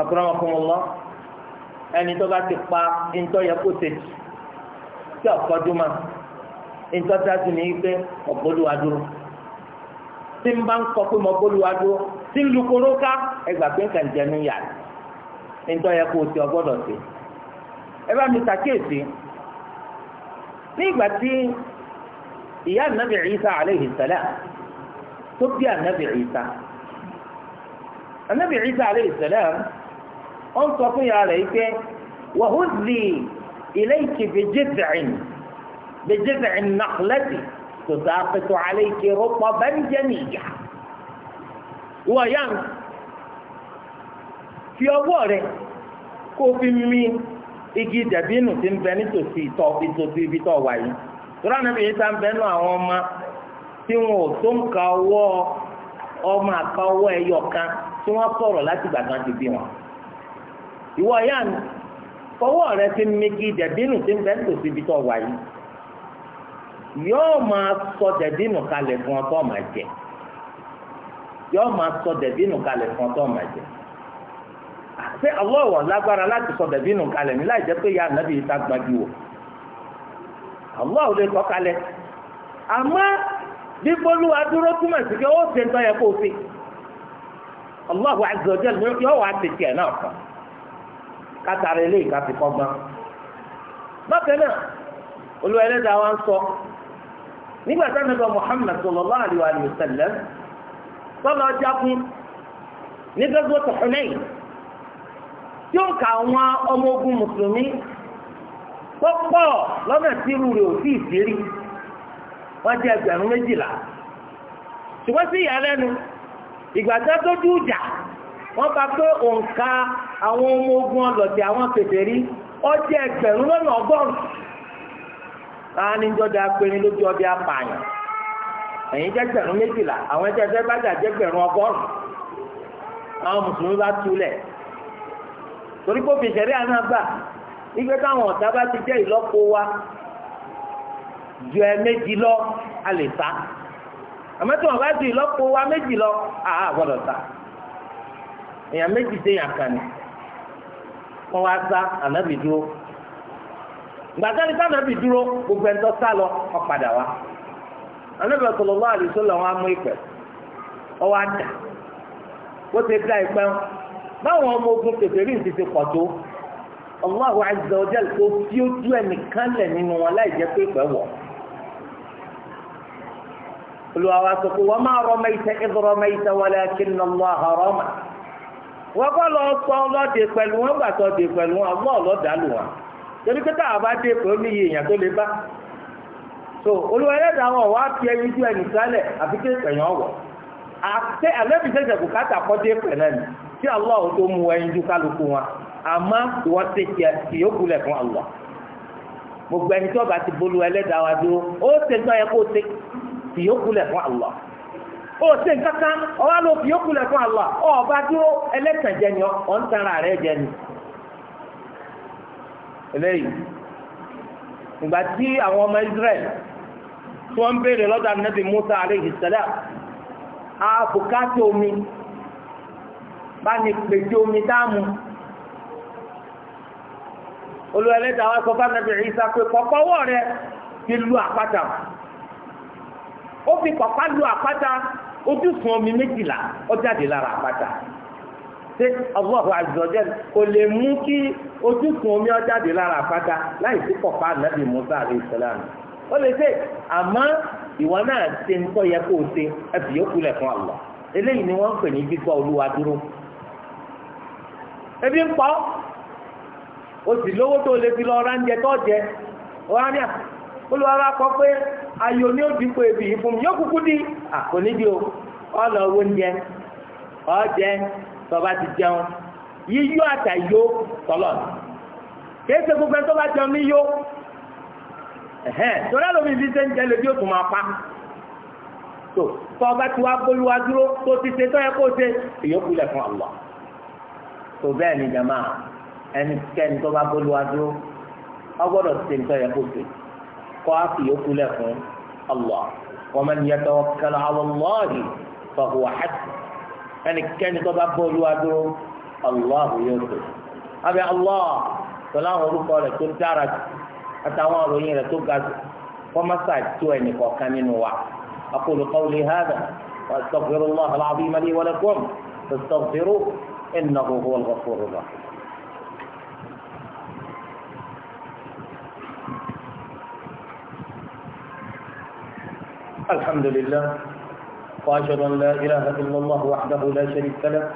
akọrọmọkùnmọlọ ẹni tó bá ti pa ntọ́ yẹ kó tètè tí ọ̀kọ́jú máa. ntọ́jáde ní pé ọ̀gbọ́lùwà dúró tí n bá ń kọ pé ọ̀gbọ́lùwà dúró tí n lukoro ká ẹgbà pé nǹkan jẹnu yà ntọ́ yẹ kó o ti ọgbọ́dọ̀ sí ẹ bá mi ṣàkíyèsí ní ìgbà tí ìyá ànábì Ìsá alayhi salam tó bí ànábì Ìsá ànábì Ìsá alayhi salam ó ń sọ fún بجذع النخلة تساقط عليك رطبا جنيا ويان في أوره كوفي مين igi dàbínù ti ń bẹ nítòsí ìtọ̀ ìtòsí ibi tọ̀ wáyé tóra náà bìí sá ń bẹ nù àwọn ọmọ tí wọn ò tó nǹka ọwọ́ ọmọ àka ọwọ́ ẹyọ kan tí wọ́n sọ̀rọ̀ láti gbàgbọ́n ti bí wọn. ìwọ ìyá mi fọwọ́ rẹ ti ń migi dàbínù ti ń bẹ nítòsí ibi tọ̀ wáyé yóò máa sọ dẹ̀bí nù kalẹ̀ fún ọtọ́ máa jẹ yóò máa sọ dẹ̀bí nù kalẹ̀ fún ọtọ́ máa jẹ ṣé ọlọ́wọ̀ lágbára láti sọ dẹ̀bí nù kalẹ̀ ní láì jẹ́ pé ya nàbí ìta gbajú O ọlọ́wọ̀ lè kọ́ kalẹ̀ àmọ́ bíbólúwa dúró túmọ̀ sí pé ó ṣe ń tọ́yẹ kó o ṣe ọlọ́wọ̀ àgbẹ̀jẹ̀ yóò wá ti tiẹ̀ náà kọ́ kátàrí eléyìí ká fi kọ́ gbọ́n bákan náà olùwẹ̀lẹ́dàá nígbà tí ànábì Muhammad sallallahu alaihi wa sallam tọ́lọ jagun ní gbogbo tọ̀húnẹ́yìn tí ó kà àwọn ọmọ ogun mùsùlùmí pọ́pọ́ lọ́nà tí irú rẹ̀ ò sí ìdírí wọ́n jẹ́ ẹgbẹ̀rún méjìlá ṣùgbọ́n sí ìyàlẹ́nu ìgbà tó dójú ìjà wọ́n bá pé òǹkà àwọn ọmọ ogun ọlọ́tì àwọn pèsè rí ẹgbẹ̀rún lọ́nà ọgọ́rùn-ún àwọn níjọba apẹ̀rin lójú ọbẹ̀ apààyàn ẹ̀yin jẹ́gbẹ̀rún méjìlá àwọn ẹjẹ́ ẹgbẹ́ bá jẹ́gbẹ̀rún ọgọ́rùn àwọn mùsùlùmí bá túlẹ̀ torí kó fi ìṣẹ̀rí àná gbà wípé táwọn ọ̀tá bá ti jẹ́ ìlọ́po wa ju ẹ méjì lọ a lè ta àmọ́ tí wọ́n bá ju ìlọ́po wa méjì lọ àá gbọ́dọ̀ ta èèyàn méjì dé yàn kan ni wọ́n wá sá ànábì dúró gbàtẹ́ni sànàbì dúró gbogbo ẹ̀ńtọ́ sá lọ ọ̀padà wa anábì sallallahu alaihi wasallam wọn amú ìpẹ́ ọwọ́ àdá ó ti dá ìpẹ́ báwọn ọmọ ogun kèfèrí ti ti pọ̀ tó Allahu azza wa jalla kó tí ó tú ẹnìkan lẹ̀ nínú wọn láì jẹ́ pé ìpẹ́ wọ̀ olùwàwà sọ pé wọ́n máa rọ mẹ́tẹ́ ìdúrọ̀ mẹ́tẹ́ walakinna Allaha rama wọ́n kọ́ lọ sọ ọlọ́dẹ pẹ̀lú wọn gbàtọ́ dẹ pẹ̀lú wọn ọgbọ́n ọlọ́dàá wọn torí pé tá a bá dé ní èèyàn tó lè bá so olúwa ẹlẹ́dàá wọn wá fi ẹyin ju ẹnì sálẹ̀ àfi kí èèyàn wọ̀ àti àlẹ́bí sẹ̀sẹ̀ kò káàtà kọ́ dé ni tí Allah tó mú ẹyin ju kálukú wọn àmọ́ wọ́n ti tìyókù lẹ̀ fún Allah gbogbo ẹni tí ọba ti bolú ẹlẹ́dàá wa dúró ó ṣe nǹkan yẹ kó ṣe fìyókù lẹ̀ fún Allah ó ṣe nǹkan kan ọba ló fìyókù lẹ̀ fún Allah ọba dúró ẹlẹ́tàn jẹ ni ọ̀ eléyìí ìgbà tí àwọn ọmọ Israel tí wọ́n ń béèrè lọ́dọ̀ Ànábì Musa alayhi salam àbùkátà omi bá ní pèjì omi dáàmú olùwẹ̀lẹ́dàá wa sọ fún Ànábì Isa pé kọ̀kọ́ ọwọ́ rẹ ti lu àpáta ó fi kọ̀pá lu àpáta ojú sun omi méjìlá ó jáde lára àpáta. Ole Allahu azza wa jalla kò lè mú kí ojúkùn omi lára láì sí Musa alayhi salam ó lè ṣe àmọ́ ìwọ náà ṣe ń tọ́ yẹ kó o ṣe ẹ fún eléyìí ni wọ́n ń pè ní gbígbọ́ olúwa ebi ń pọ́ o sì lówó tó lè fi lọ ra oúnjẹ tó jẹ ọ̀rá ní à olùwàrà kọ pé ayò ebi yìí fún mi yóò kúkú o ọ̀nà owó oúnjẹ tọba ti jẹun yíyó àtàyó tọlọ kìí ṣe gbogbo ẹni tó bá jẹun níyó tọ́lá lómi ìdí ṣe ń jẹ lójú òtún máa pa tó tọba tí wàá gbóluwa dúró tó ti ṣe tọ́yẹ kó ṣe ìyókù lẹ̀ fún Allah tó bẹ́ẹ̀ ni jama ẹnikẹ́ni tó bá gbóluwa dúró wọ́n gbọ́dọ̀ ṣe tọ́yẹ kó ṣe kọ́ á fi ìyókù lẹ̀ fún Allah wa man yatawakkal ala Allah fa huwa hasbuh. ẹni kẹ́ni tó bá bọ́ olúwa dúró Allahu yóò tó abẹ́ Allah pẹ̀lú àwọn orúkọ rẹ̀ tó dára jù àtàwọn àròyìn rẹ̀ tó ga jù fọ́másà tó ẹnì kọ̀ọ̀kan nínú wa aqulu qawli hàdà wa astaghfirullah al-azim li wa lakum fastaghfiruh innahu huwal ghafurur rahim. الحمد لله وأشهد أن لا إله إلا الله وحده لا شريك له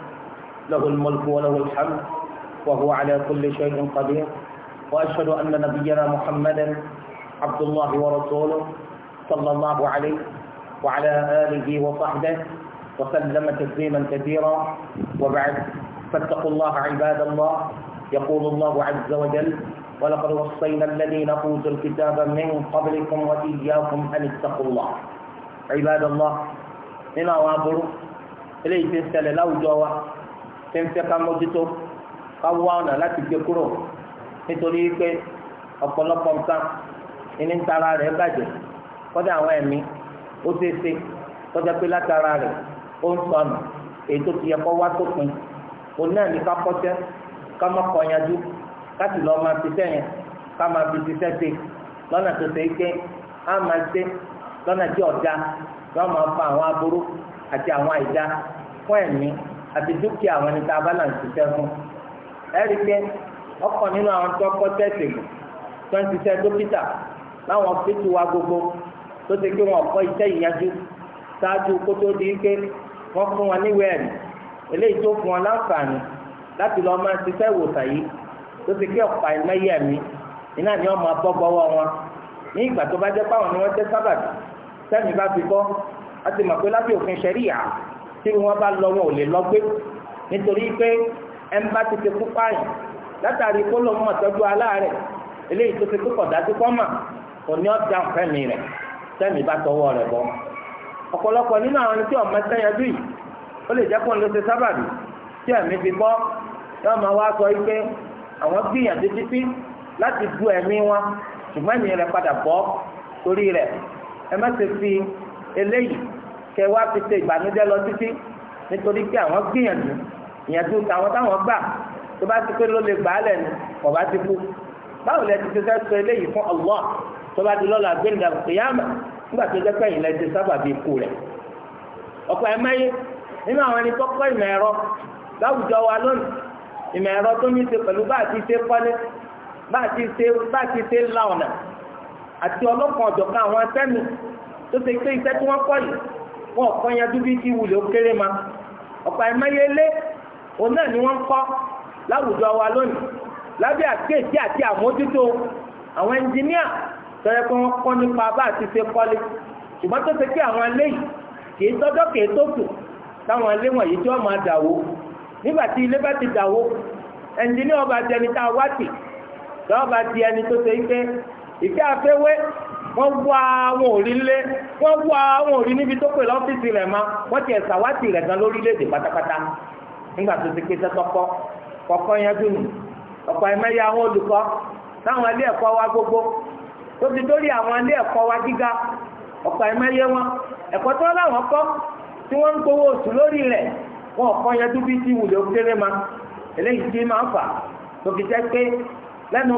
له الملك وله الحمد وهو على كل شيء قدير وأشهد أن نبينا محمدا عبد الله ورسوله صلى الله عليه وعلى آله وصحبه وسلم تسليما كثيرا وبعد فاتقوا الله عباد الله يقول الله عز وجل ولقد وصينا الذين اوتوا الكتاب من قبلكم واياكم ان اتقوا الله عباد الله nínú àwọn aburú eléyìí ti ń ṣẹlẹ̀ láwùjọ wa ti ń fẹ́ ká mójútó ká wá ọ̀nà láti gbé kúrò nítorí pé ọ̀pọ̀lọpọ̀ nǹkan ní ń tara rẹ̀ bàjẹ́ kọ́dà àwọn ẹ̀mí ó ṣeé ṣe kọ́dà pé látara rẹ̀ ó ń sọnù èyí tó ti yẹ kọ́ wá sópin òun náà ní ká kọ́ṣẹ́ ká má láti lọ́ọ́ máa ti sẹ́yìn ká yọ máa fa àwọn aburú àti àwọn àìdá fún ẹ̀mí àti dúkìá àwọn ẹni tá a bá là ń ṣiṣẹ́ fún ẹ i pé ọkọ̀ nínú àwọn tó kọ́ tẹ̀sì tó ń ṣiṣẹ́ dókítà láwọn wa gbogbo tó ti pé wọn kọ́ iṣẹ́ ìyanjú ṣáájú kó tó di pé wọ́n fún wọn ẹ̀rí eléyìí tó fún wọn láǹfààní láti lọ́ọ́ máa ṣiṣẹ́ ìwòsàn yìí tó ti ọ̀pá ni wọn ní ìgbà sẹ́ni bá fi bọ́ a ti mọ̀ pé lábẹ́ òfin ṣẹ̀ríyà tí wọ́n bá lọ wọn ò lè lọ gbé nítorí pé ẹ̀ ń bá ti ti kú pààyàn látàrí kó lọ́ mọ̀ tọ́jú aláàárẹ̀ eléyìí tó ti kú kọ̀ dájú kọ́ mà kò ní ọ̀dà fẹ́mi rẹ̀ sẹ́ni bá tọwọ́ rẹ̀ bọ́ ọ̀pọ̀lọpọ̀ nínú àwọn tí ọ̀mọ sẹ́yẹdú yìí ó lè jẹ́ pọ̀ ló ṣe sábàbí tí ẹ̀mí fi bọ́ yọ torí rẹ̀ ẹ má ṣe fi eléyìí kẹ wá fi ṣe ìbànújẹ́ lọ títí nítorí pé àwọn gbìyànjú ìyànjú àwọn táwọn gbà tó bá ti pé ló lè gbà á lẹ̀ ni kò bá ti kú báwo lẹ ti ṣe fẹ́ sọ eléyìí fún Allah tó bá di lọ́la gbẹ̀ngàn kìyàmà nígbà tó jẹ́ pẹ́yìn lẹ ti sábà bí ikú rẹ̀ ọ̀pọ̀ ẹ̀ nínú àwọn ẹni tó ìmọ̀ ẹ̀rọ láwùjọ wa lónìí ìmọ̀ ẹ̀rọ tó ní ṣe pẹ̀lú bá àti ṣe kọ́lé bá àti ṣe la ọ̀nà àti ọlọ́kan ọ̀jọ̀kan àwọn asẹ́mi tó ṣe pé iṣẹ́ tí wọ́n kọ́ yìí wọn ò kọ́ yanjú bí ti wulẹ̀ ó kéré ma ọ̀pọ̀ ẹ̀mẹ́yẹ òun náà ni wọ́n kọ́ láwùjọ wa lónìí lábẹ́ àkéèsí àti àmójútó àwọn ẹnjìníà tọ́yẹ pé wọ́n kọ́ nípa bá àti ṣe kọ́lé ṣùgbọ́n tó ṣe pé àwọn ilé yìí kìí tọ́jọ́ kìí tó kù táwọn ilé wọ̀nyí tí wọ́n máa dàwó nígbà tí ilé bá ti dàwó ẹnjìníà ọba di ẹni tá a wá tì lọ́ọ́ bá di ẹni tó ṣe pé ike afẹ́wé wọ́n wú àwọn òrí wọ́n wú àwọn òrí ma wọ́n ti ẹ̀sà wá ti rẹ̀ gan lórílẹ̀‐èdè pátápátá nígbà tó ti pé sẹ́tọ́kọ́ kọ̀ọ̀kan yẹn dùn ọ̀pọ̀ ẹ̀mẹ́yẹ àwọn olùkọ́ táwọn ilé wa gbogbo tó ti dórí àwọn ilé ẹ̀kọ́ wa gíga ọ̀pọ̀ ẹ̀mẹ́yẹ wọn ẹ̀kọ́ tó láwọn kọ́ tí wọ́n ń gbowó oṣù lórí rẹ̀ wọn kọ́ yẹn dúbí kéré ma eléyìí máa fà tó fi jẹ́ pé lẹ́nu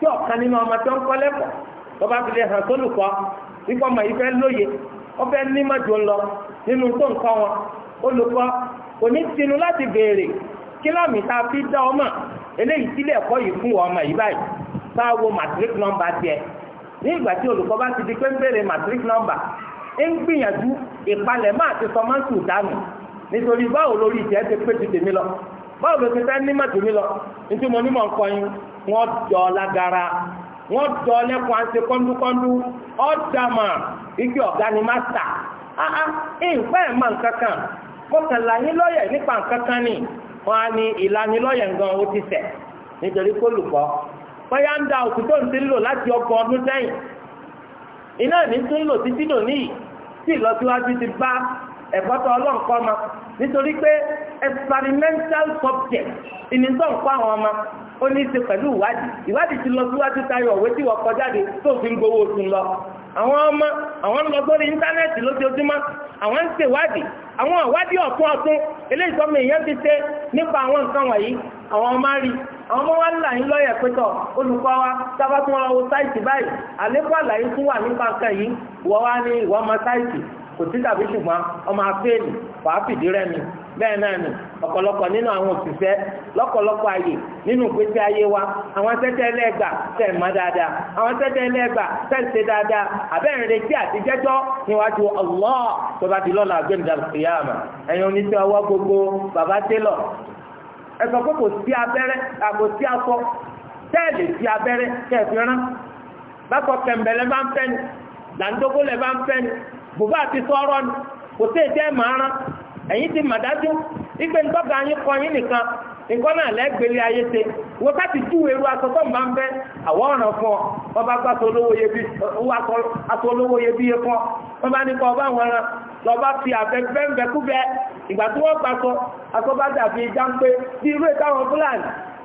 tí ọ̀kan nínú ọmọ tó ń kọ́ lẹ́kọ̀ọ́ tó bá fi lè hàn sólùkọ́ wípé ọmọ yìí fẹ́ lóye ó fẹ́ ní mọ́jọ lọ nínú tó ń kọ́ wọn olùkọ́ kò ní tinú láti béèrè kílọ̀mì tá a fi dá ọmọ eléyìí sílẹ̀ ẹ̀kọ́ yìí fún ọmọ yìí báyìí bá wo matric number tiẹ̀ ní ìgbà tí olùkọ́ bá ti di pé ń béèrè matric number ń gbìyànjú ìpalẹ̀mọ́ àti sọmọ́sù dànù nítorí báwo lórí ìjẹ́ ti pé ju tèmi lọ báwo ló ti fẹ́ ní màtò mi lọ nítorí mo ní mọ̀ ń kọ́ yín wọ́n jọ lágara wọ́n jọ lẹ́kùn àti kọ́ńdúkọ́ńdú ọ̀dàmà igi ọ̀gá ni mástà áá ìfẹ́ ẹ̀ máa ń kankan mọ̀kànlá yín lọ́yẹ̀ nípa kankan ni wọ́n á ní ìlanilọ́yẹ̀ gan ó ti ṣẹ̀ nítorí kó lùkọ́ bóyá ń da òkútó ń ti lò láti ọgbọ̀n ọdún sẹ́yìn iná ní tún lò títí dòní yìí tí ìlọsíwájú ti bá ẹ̀kọ́ tó experimental subject ìnìtọ́ nǹkan àwọn ọmọ ó ní í ṣe pẹ̀lú ìwádìí ìwádìí ti lọ síwájú tayọ òwe tí wọ́n kọjáde tó fi ń gbowó oṣù lọ àwọn ọmọ àwọn ń lọ sórí íńtánẹ́ẹ̀tì lójoojúmọ́ àwọn ń ṣèwádìí àwọn ìwádìí ọ̀tún ọ̀tún eléyìí tọ́mọ èèyàn ti ṣe nípa àwọn nǹkan wọ̀nyí àwọn ọmọ rí àwọn ọmọ wa ń là ń lọ́yẹ̀ pẹ́tọ̀ olùkọ́ wa sábà tún wọn wo sáìtì báyìí àlékún àlàyé tún wà nípa nǹkan yìí wọ́n wá ní ìwọ́n sáìtì kò sí tàbí ṣùgbọ́n ọmọ afẹ́ẹ̀lì wàá fìdí bẹ́ẹ̀ náà ni ọ̀pọ̀lọpọ̀ nínú àwọn òṣìṣẹ́ lọ́pọ̀lọpọ̀ àyè nínú ìgbésí ayé wa àwọn tẹ́tẹ́ ẹlẹ́gbà tẹ̀ dáadáa àwọn tẹ́tẹ́ ẹlẹ́gbà tẹ̀ dáadáa àbẹ́rẹ́ retí àti jẹ́jọ́ níwájú tó bá bùbá ti sọ́ọ́rọ́ ni kò sí ètò ẹ̀ máa rán ti madaju ipe yín kọ yín nìkan nǹkan náà lẹ́gbẹ̀lẹ́ ayé ṣe wọ́n ká ti eru aṣọ tó ń bá ń bẹ́ àwọn ọ̀ràn fún ọ wọ́n bá gbá aṣọ olówó iyebíye fún ọba àwọn ẹran lọ́ba fi àfẹ́ bẹ́ńbẹ́kú bẹ́ẹ̀ ìgbà tí wọ́n gbàṣọ aṣọ bá dàbí jáńpé bí irú ìtàwọn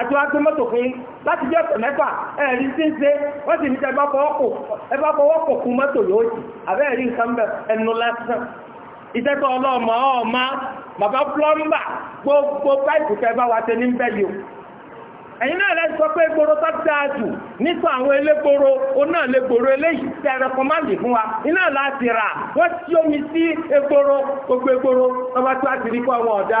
àti wá gbé mọ́tò fún láti jẹ́ ọ̀sẹ̀ mẹ́fà ẹ̀rí tí ń ṣe wọ́n sì ní tẹ́ bá fọwọ́ mọ́tò yóò jì àbẹ́ẹ̀rí nǹkan bẹ̀ ẹnu lásán ìtẹ́tọ̀ ọlọ́ọ̀mọ́ ọ̀ma bàbá plọ́mbà gbogbo páìpù tẹ́ bá wa ní bẹ́ẹ̀lì o ẹ̀yin náà pé egboro tó dáa jù nípa àwọn elégboro oná elégboro eléyìí tẹ lè fún wa egboro gbogbo egboro ọba rí fún àwọn ọ̀dá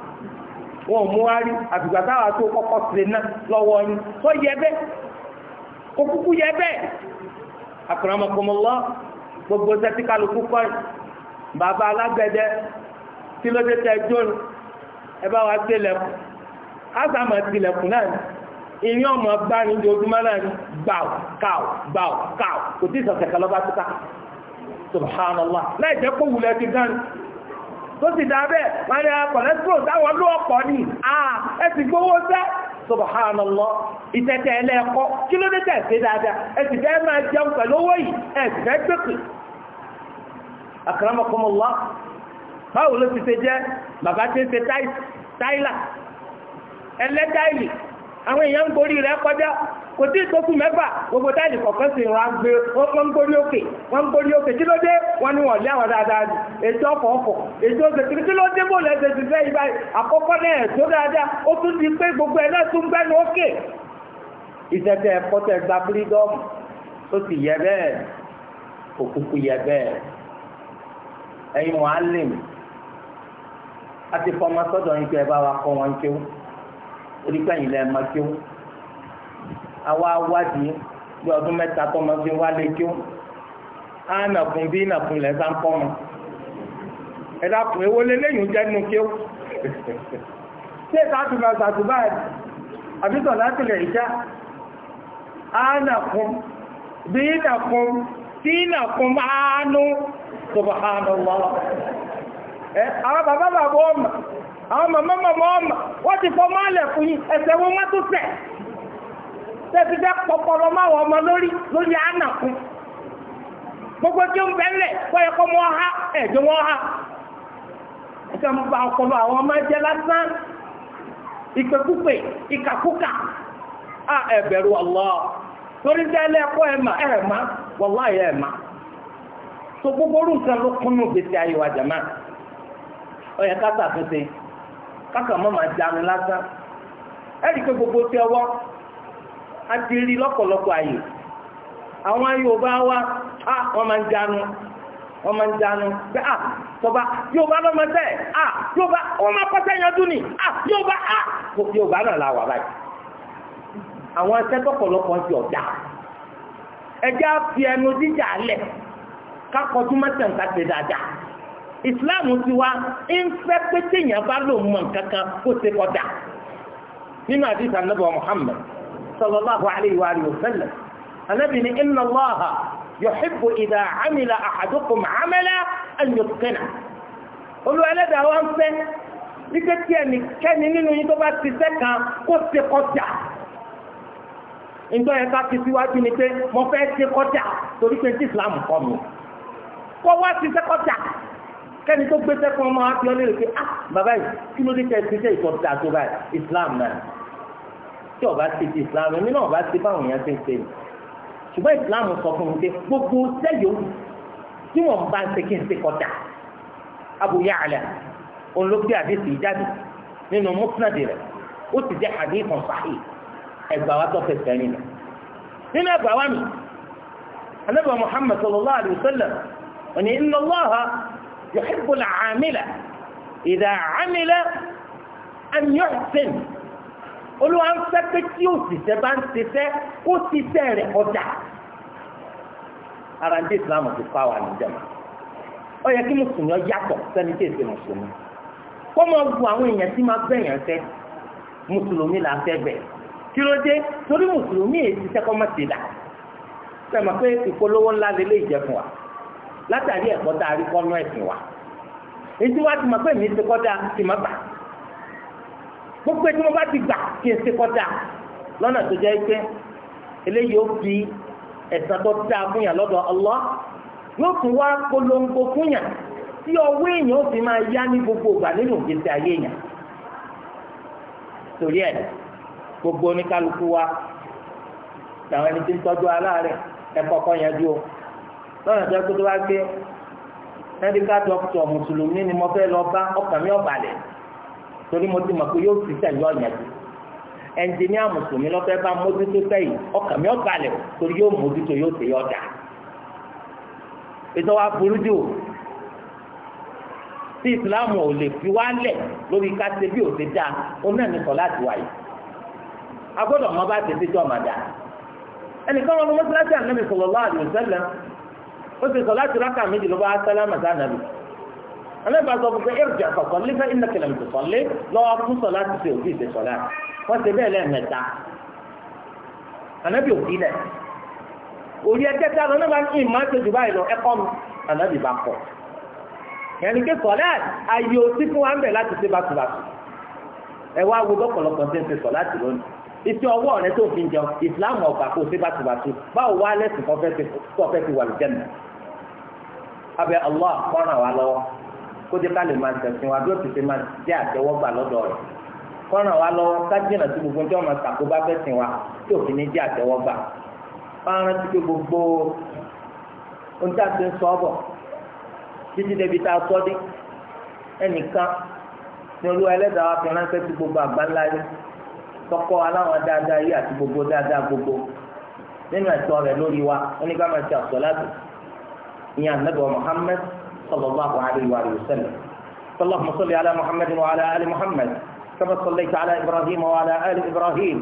wọn ò mú wá rí àfìgbà táwa tó kọ́kọ́ sílẹ̀ náà lọ́wọ́ yín tó yẹ gbogbo sẹ́tí kọ́ bàbá alágbẹ̀dẹ tí ló dé tẹ jó ẹ bá wa tilẹ̀kùn ásàmà tilẹ̀kùn náà ni ìní ọmọ bá ní ojoojúmọ́ náà ni gbàù kàù gbàù kàù kò tí tó tó sì dá bẹ́ẹ̀ wọ́n ní kọ̀lẹ́sìtò ah, táwọn ló ọ̀pọ̀ ni ah, ẹ sì gbowó sẹ́ subhanallah ìtẹ̀tẹ̀ ẹlẹ́ẹ̀kọ́ kí ló dé tẹ̀sí dáadáa ẹ sì fẹ́ máa jẹun pẹ̀lú owó yìí ẹ sì fẹ́ gbèsè báwo ló ti ṣe jẹ́ bàbá tí ń ṣe táìlà ẹlẹ́táìlì àwọn èèyàn ń gorí rẹ̀ kọjá kò tí ìtókù mẹ́fà gbogbo táìlì kọ̀ọ̀kan sì rà gbé wọ́n ń gorí òkè wọ́n ń gorí òkè kí ló dé wọ́n ní wọ́n lé àwọn dáadáa jù ètò ọkọ̀ ọkọ̀ ètò òṣèkiri kí ló dé bò lẹ́sẹ̀ ti fẹ́ ibà àkọ́kọ́ náà tó dáadáa ó tún ti pé gbogbo ẹ̀ náà tún gbẹ́nu òkè. ìṣẹ̀tẹ̀ ẹ̀kọ́ tẹ̀ gba fírídọ́ọ̀mù tó ti yẹ bẹ́ẹ̀ kò kúkú yẹ bẹ́ẹ̀ ẹ̀yin mọ̀ á oníkàyìn lẹ mọ kíó àwa wádìí bí ọdún mẹ́ta tó mọ fi wálé kíó á nàkún bí nàkún lẹ sá ń kọ́ mọ ẹ dákun ewo lélẹ́yìn jẹ́ nu kíó ṣé sàtúbà sàtúbà àbí sọ̀lá tilẹ̀ ìjà á nàkún bí nàkún tí nàkún máa nú subhanallah ẹ àwọn bàbá bàbá ọmọ. àwọn màmá màmá ọmọ wọ́n ti fọ máàlẹ̀ fún yín ẹsẹ̀ wọn wọ́n tó tẹ̀ fẹ́ pọpọlọ lórí lórí gbogbo tí ó ń bẹ́lẹ̀ wọ́n yẹ kó wọ́n há ẹ̀jẹ̀ wọ́n há ẹ̀jẹ̀ mo bá ọpọlọ àwọn ọmọ ẹ̀jẹ̀ lásán ìpèkúpè ìkàkúkà á ẹ̀bẹ̀rù Allah torí ẹ̀ ẹ̀ kákan mọ́ máa jánu lásán ẹ̀rí pé gbogbo tí ọwọ́ a ti rí lọ́pọ̀lọpọ̀ àyè àwọn Yorùbá wa a wọ́n máa ń jánu wọ́n máa ń jánu pé à tọba Yorùbá ló máa tẹ̀ à Yorùbá wọ́n máa pọ́sẹ̀ yanjú ni à Yorùbá à Yorùbá náà la wà báyìí àwọn ẹsẹ̀ tọ́pọ̀lọpọ̀ ti ọ̀dà ẹjẹ́ á fi ẹnu jíjà lẹ̀ kákọ̀ọ́dún mẹ́tẹ̀ǹkà ti dáadáa ìsìláàmù ti wá ń fẹ́ pé téèyàn bá lò mọ̀ kankan kó ṣe kọjá nínú àdìsí anábọ̀ Muhammad sallallahu alayhi wa sallam anábì ní inna Allaha yuhibbu idha amila ahadukum amala an yutqina olú ẹlẹ́dàá wa ń fẹ́ wípé tí ẹnikẹ́ni nínú yín tó bá ti ṣe kan kó ṣe kọjá nítorí ẹ̀ka ti síwájú ni pé mo fẹ́ ṣe kọjá torí pé tí ìsìláàmù kọ́ mi kọ́ wá ti ṣe kọjá kẹ́ni tó gbé sẹ́kùn ọmọ wa fi ọ lérò pé ah bàbá yìí kí ló dé tẹ́ ti tẹ́ ìtọ́ta tó báyìí Islam náà tí ọba ti ti Islam èmi náà ọba ti báwọn èèyàn ṣe ń ṣe ṣùgbọ́n Islam sọ fún mi pé gbogbo sẹ́yọ̀ tí wọ́n bá ń ṣe kí n ṣe kọjá Abu Ya'la òun ló gbé àdéhùn ìjáde nínú mọ́sánàdì rẹ̀ ó sì jẹ́ àdéhùn sàhì ẹgbàá wa tó fẹsẹ̀ nínú nínú ẹgbàá Muhammad sallallahu alayhi wa sallam òní inna Allah يحب العامل إذا عمل أن يحسن olúwa ń fẹ́ pé tí òṣìṣẹ́ bá ń ṣiṣẹ́ kó ṣiṣẹ́ rẹ̀ kọjá ara ń dé islam ti fa wà níjàmá ó yẹ kí mùsùlùmí yàtọ̀ sẹ́ni tí èsì mùsùlùmí kó máa bu àwọn èèyàn tí máa bẹ̀yàn fẹ́ mùsùlùmí là ń fẹ́ bẹ̀ kí ló dé torí mùsùlùmí èsì sẹ́kọ́ mọ́ ti là sẹ́mi pé ìpolówó ńlá lélẹ́yìí jẹ́ fún wa. látàrí ẹ̀kọ́ tá a rí kọ́nú ẹ̀sìn wa ètí wá ti mọ̀ pé mi ti kọ́dà ti gbogbo mo ti gbà kí n ti kọ́dà lọ́nà tó jẹ́ pé eléyìí ó fi ẹ̀sán tó dáa fún yàn lọ́dọ̀ ọlọ́ ó fi máa yá ní gbogbo ìgbà nínú ìgbésí ayé torí ẹ̀ gbogbo oníkálukú wa làwọn lọ́nà tó yẹ kó tó bá gbé mẹ́díkà dọ́kítọ̀ mùsùlùmí ni mo fẹ́ lọ bá ọkàn mi ọ̀bàlẹ̀ torí mo ti mọ̀ pé yóò ti tẹ̀lé ọ̀nà yìí ẹnjìníà mùsùlùmí lọ́fẹ́ bá mójútó sẹ́yìn ọkàn mi ọ̀bàlẹ̀ torí yóò mójútó yóò tẹ̀lé ọ̀dà ètò wa burú jù tí ìsìláàmù ò lè fi wá lẹ̀ lórí ká ṣe bí òṣè dá òun náà láti wáyé agbọ́dọ̀ mọ bá ṣe ṣe jọ́ màdà ó sì sọ láti rákà méjì ló bá sálámà sí ànábì ẹlẹ́bàá sọ fún pé ẹ̀rùjẹ̀ àkọ́kọ́ lífẹ́ ìnàkìlẹ̀mù tó sọlé lọ́wọ́ fún sọ láti ṣe òbí ìṣe sọlá wọ́n ṣe bẹ́ẹ̀ lẹ́ẹ̀mẹ́ta ànábì òbí lẹ̀ òrí ẹgbẹ́ta lọ náà bá ní ìmọ̀ àti òjò báyìí lọ ẹ̀kọ́ mi ànábì bá kọ̀ yẹnni pé sọlá ayé òsì fún wa ń bẹ̀ láti ṣe bàtùbàtù ẹ wá wo lọ́pọ̀lọpọ̀ ṣe ń ṣe sọ láti lónìí iṣẹ́ ọwọ́ rẹ tó fi jẹun ìsìláàmù ọ̀gbà kò ṣe bàtùbàtù báwo wá lẹ́sìn kọ́fẹ́ ti wà lùjẹ́ abẹ Allah kọ́ràn wa lọ́wọ́ kó jẹ́ ká lè máa tẹ̀sìn wa bí ó máa jẹ́ àtẹ́wọ́gbà lọ́dọ̀ rẹ̀ kọ́ràn wa lọ́wọ́ gbogbo tí wọ́n máa ṣàkóbá fẹ́sìn wa tí òfin gbogbo tí a ti ń sọ ọ́ bọ̀ títí débi tá a sọ dé ẹnìkan ní ẹlẹ́dàá wa fi ránṣẹ́ sí gbogbo tọkọ aláwọn dáadáa يا ندوة محمد صلى الله عليه وآله وسلم اللهم صل على محمد وعلى آل محمد كما صليت على إبراهيم وعلى آل إبراهيم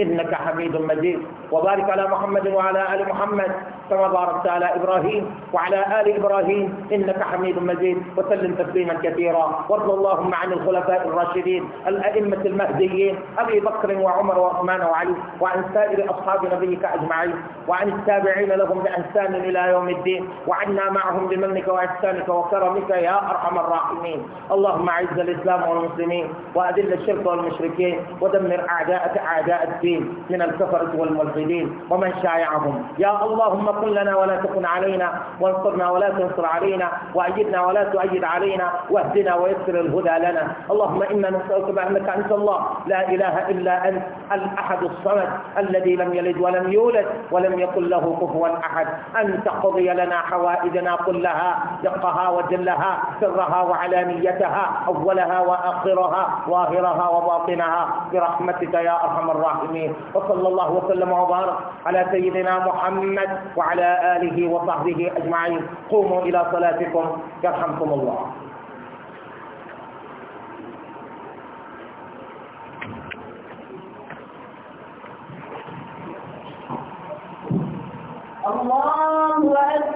إنك حميد مجيد وبارك على محمد وعلى آل محمد كما باركت على إبراهيم وعلى آل إبراهيم إنك حميد مجيد وسلم تسليما كثيرا وارض اللهم عن الخلفاء الراشدين الأئمة المهديين أبي بكر وعمر وعثمان وعلي وعن سائر أصحاب نبيك أجمعين وعن التابعين لهم بإحسان إلى يوم الدين وعنا معهم بمنك وإحسانك وكرمك يا أرحم الراحمين اللهم أعز الإسلام والمسلمين وأذل الشرك والمشركين ودمر أعداءك أعداء الدين الدين من الكفرة والملحدين ومن شايعهم يا اللهم كن لنا ولا تكن علينا وانصرنا ولا تنصر علينا وأيدنا ولا تؤيد علينا واهدنا ويسر الهدى لنا اللهم إنا نسألك بأنك أنت الله لا إله إلا أنت الأحد الصمد الذي لم يلد ولم يولد ولم يكن له كفوا أحد أن تقضي لنا حوائجنا كلها دقها وجلها سرها وعلانيتها أولها وآخرها ظاهرها وباطنها برحمتك يا أرحم الراحمين العالمين وصلى الله وسلم وبارك على سيدنا محمد وعلى آله وصحبه أجمعين قوموا إلى صلاتكم يرحمكم الله الله أكبر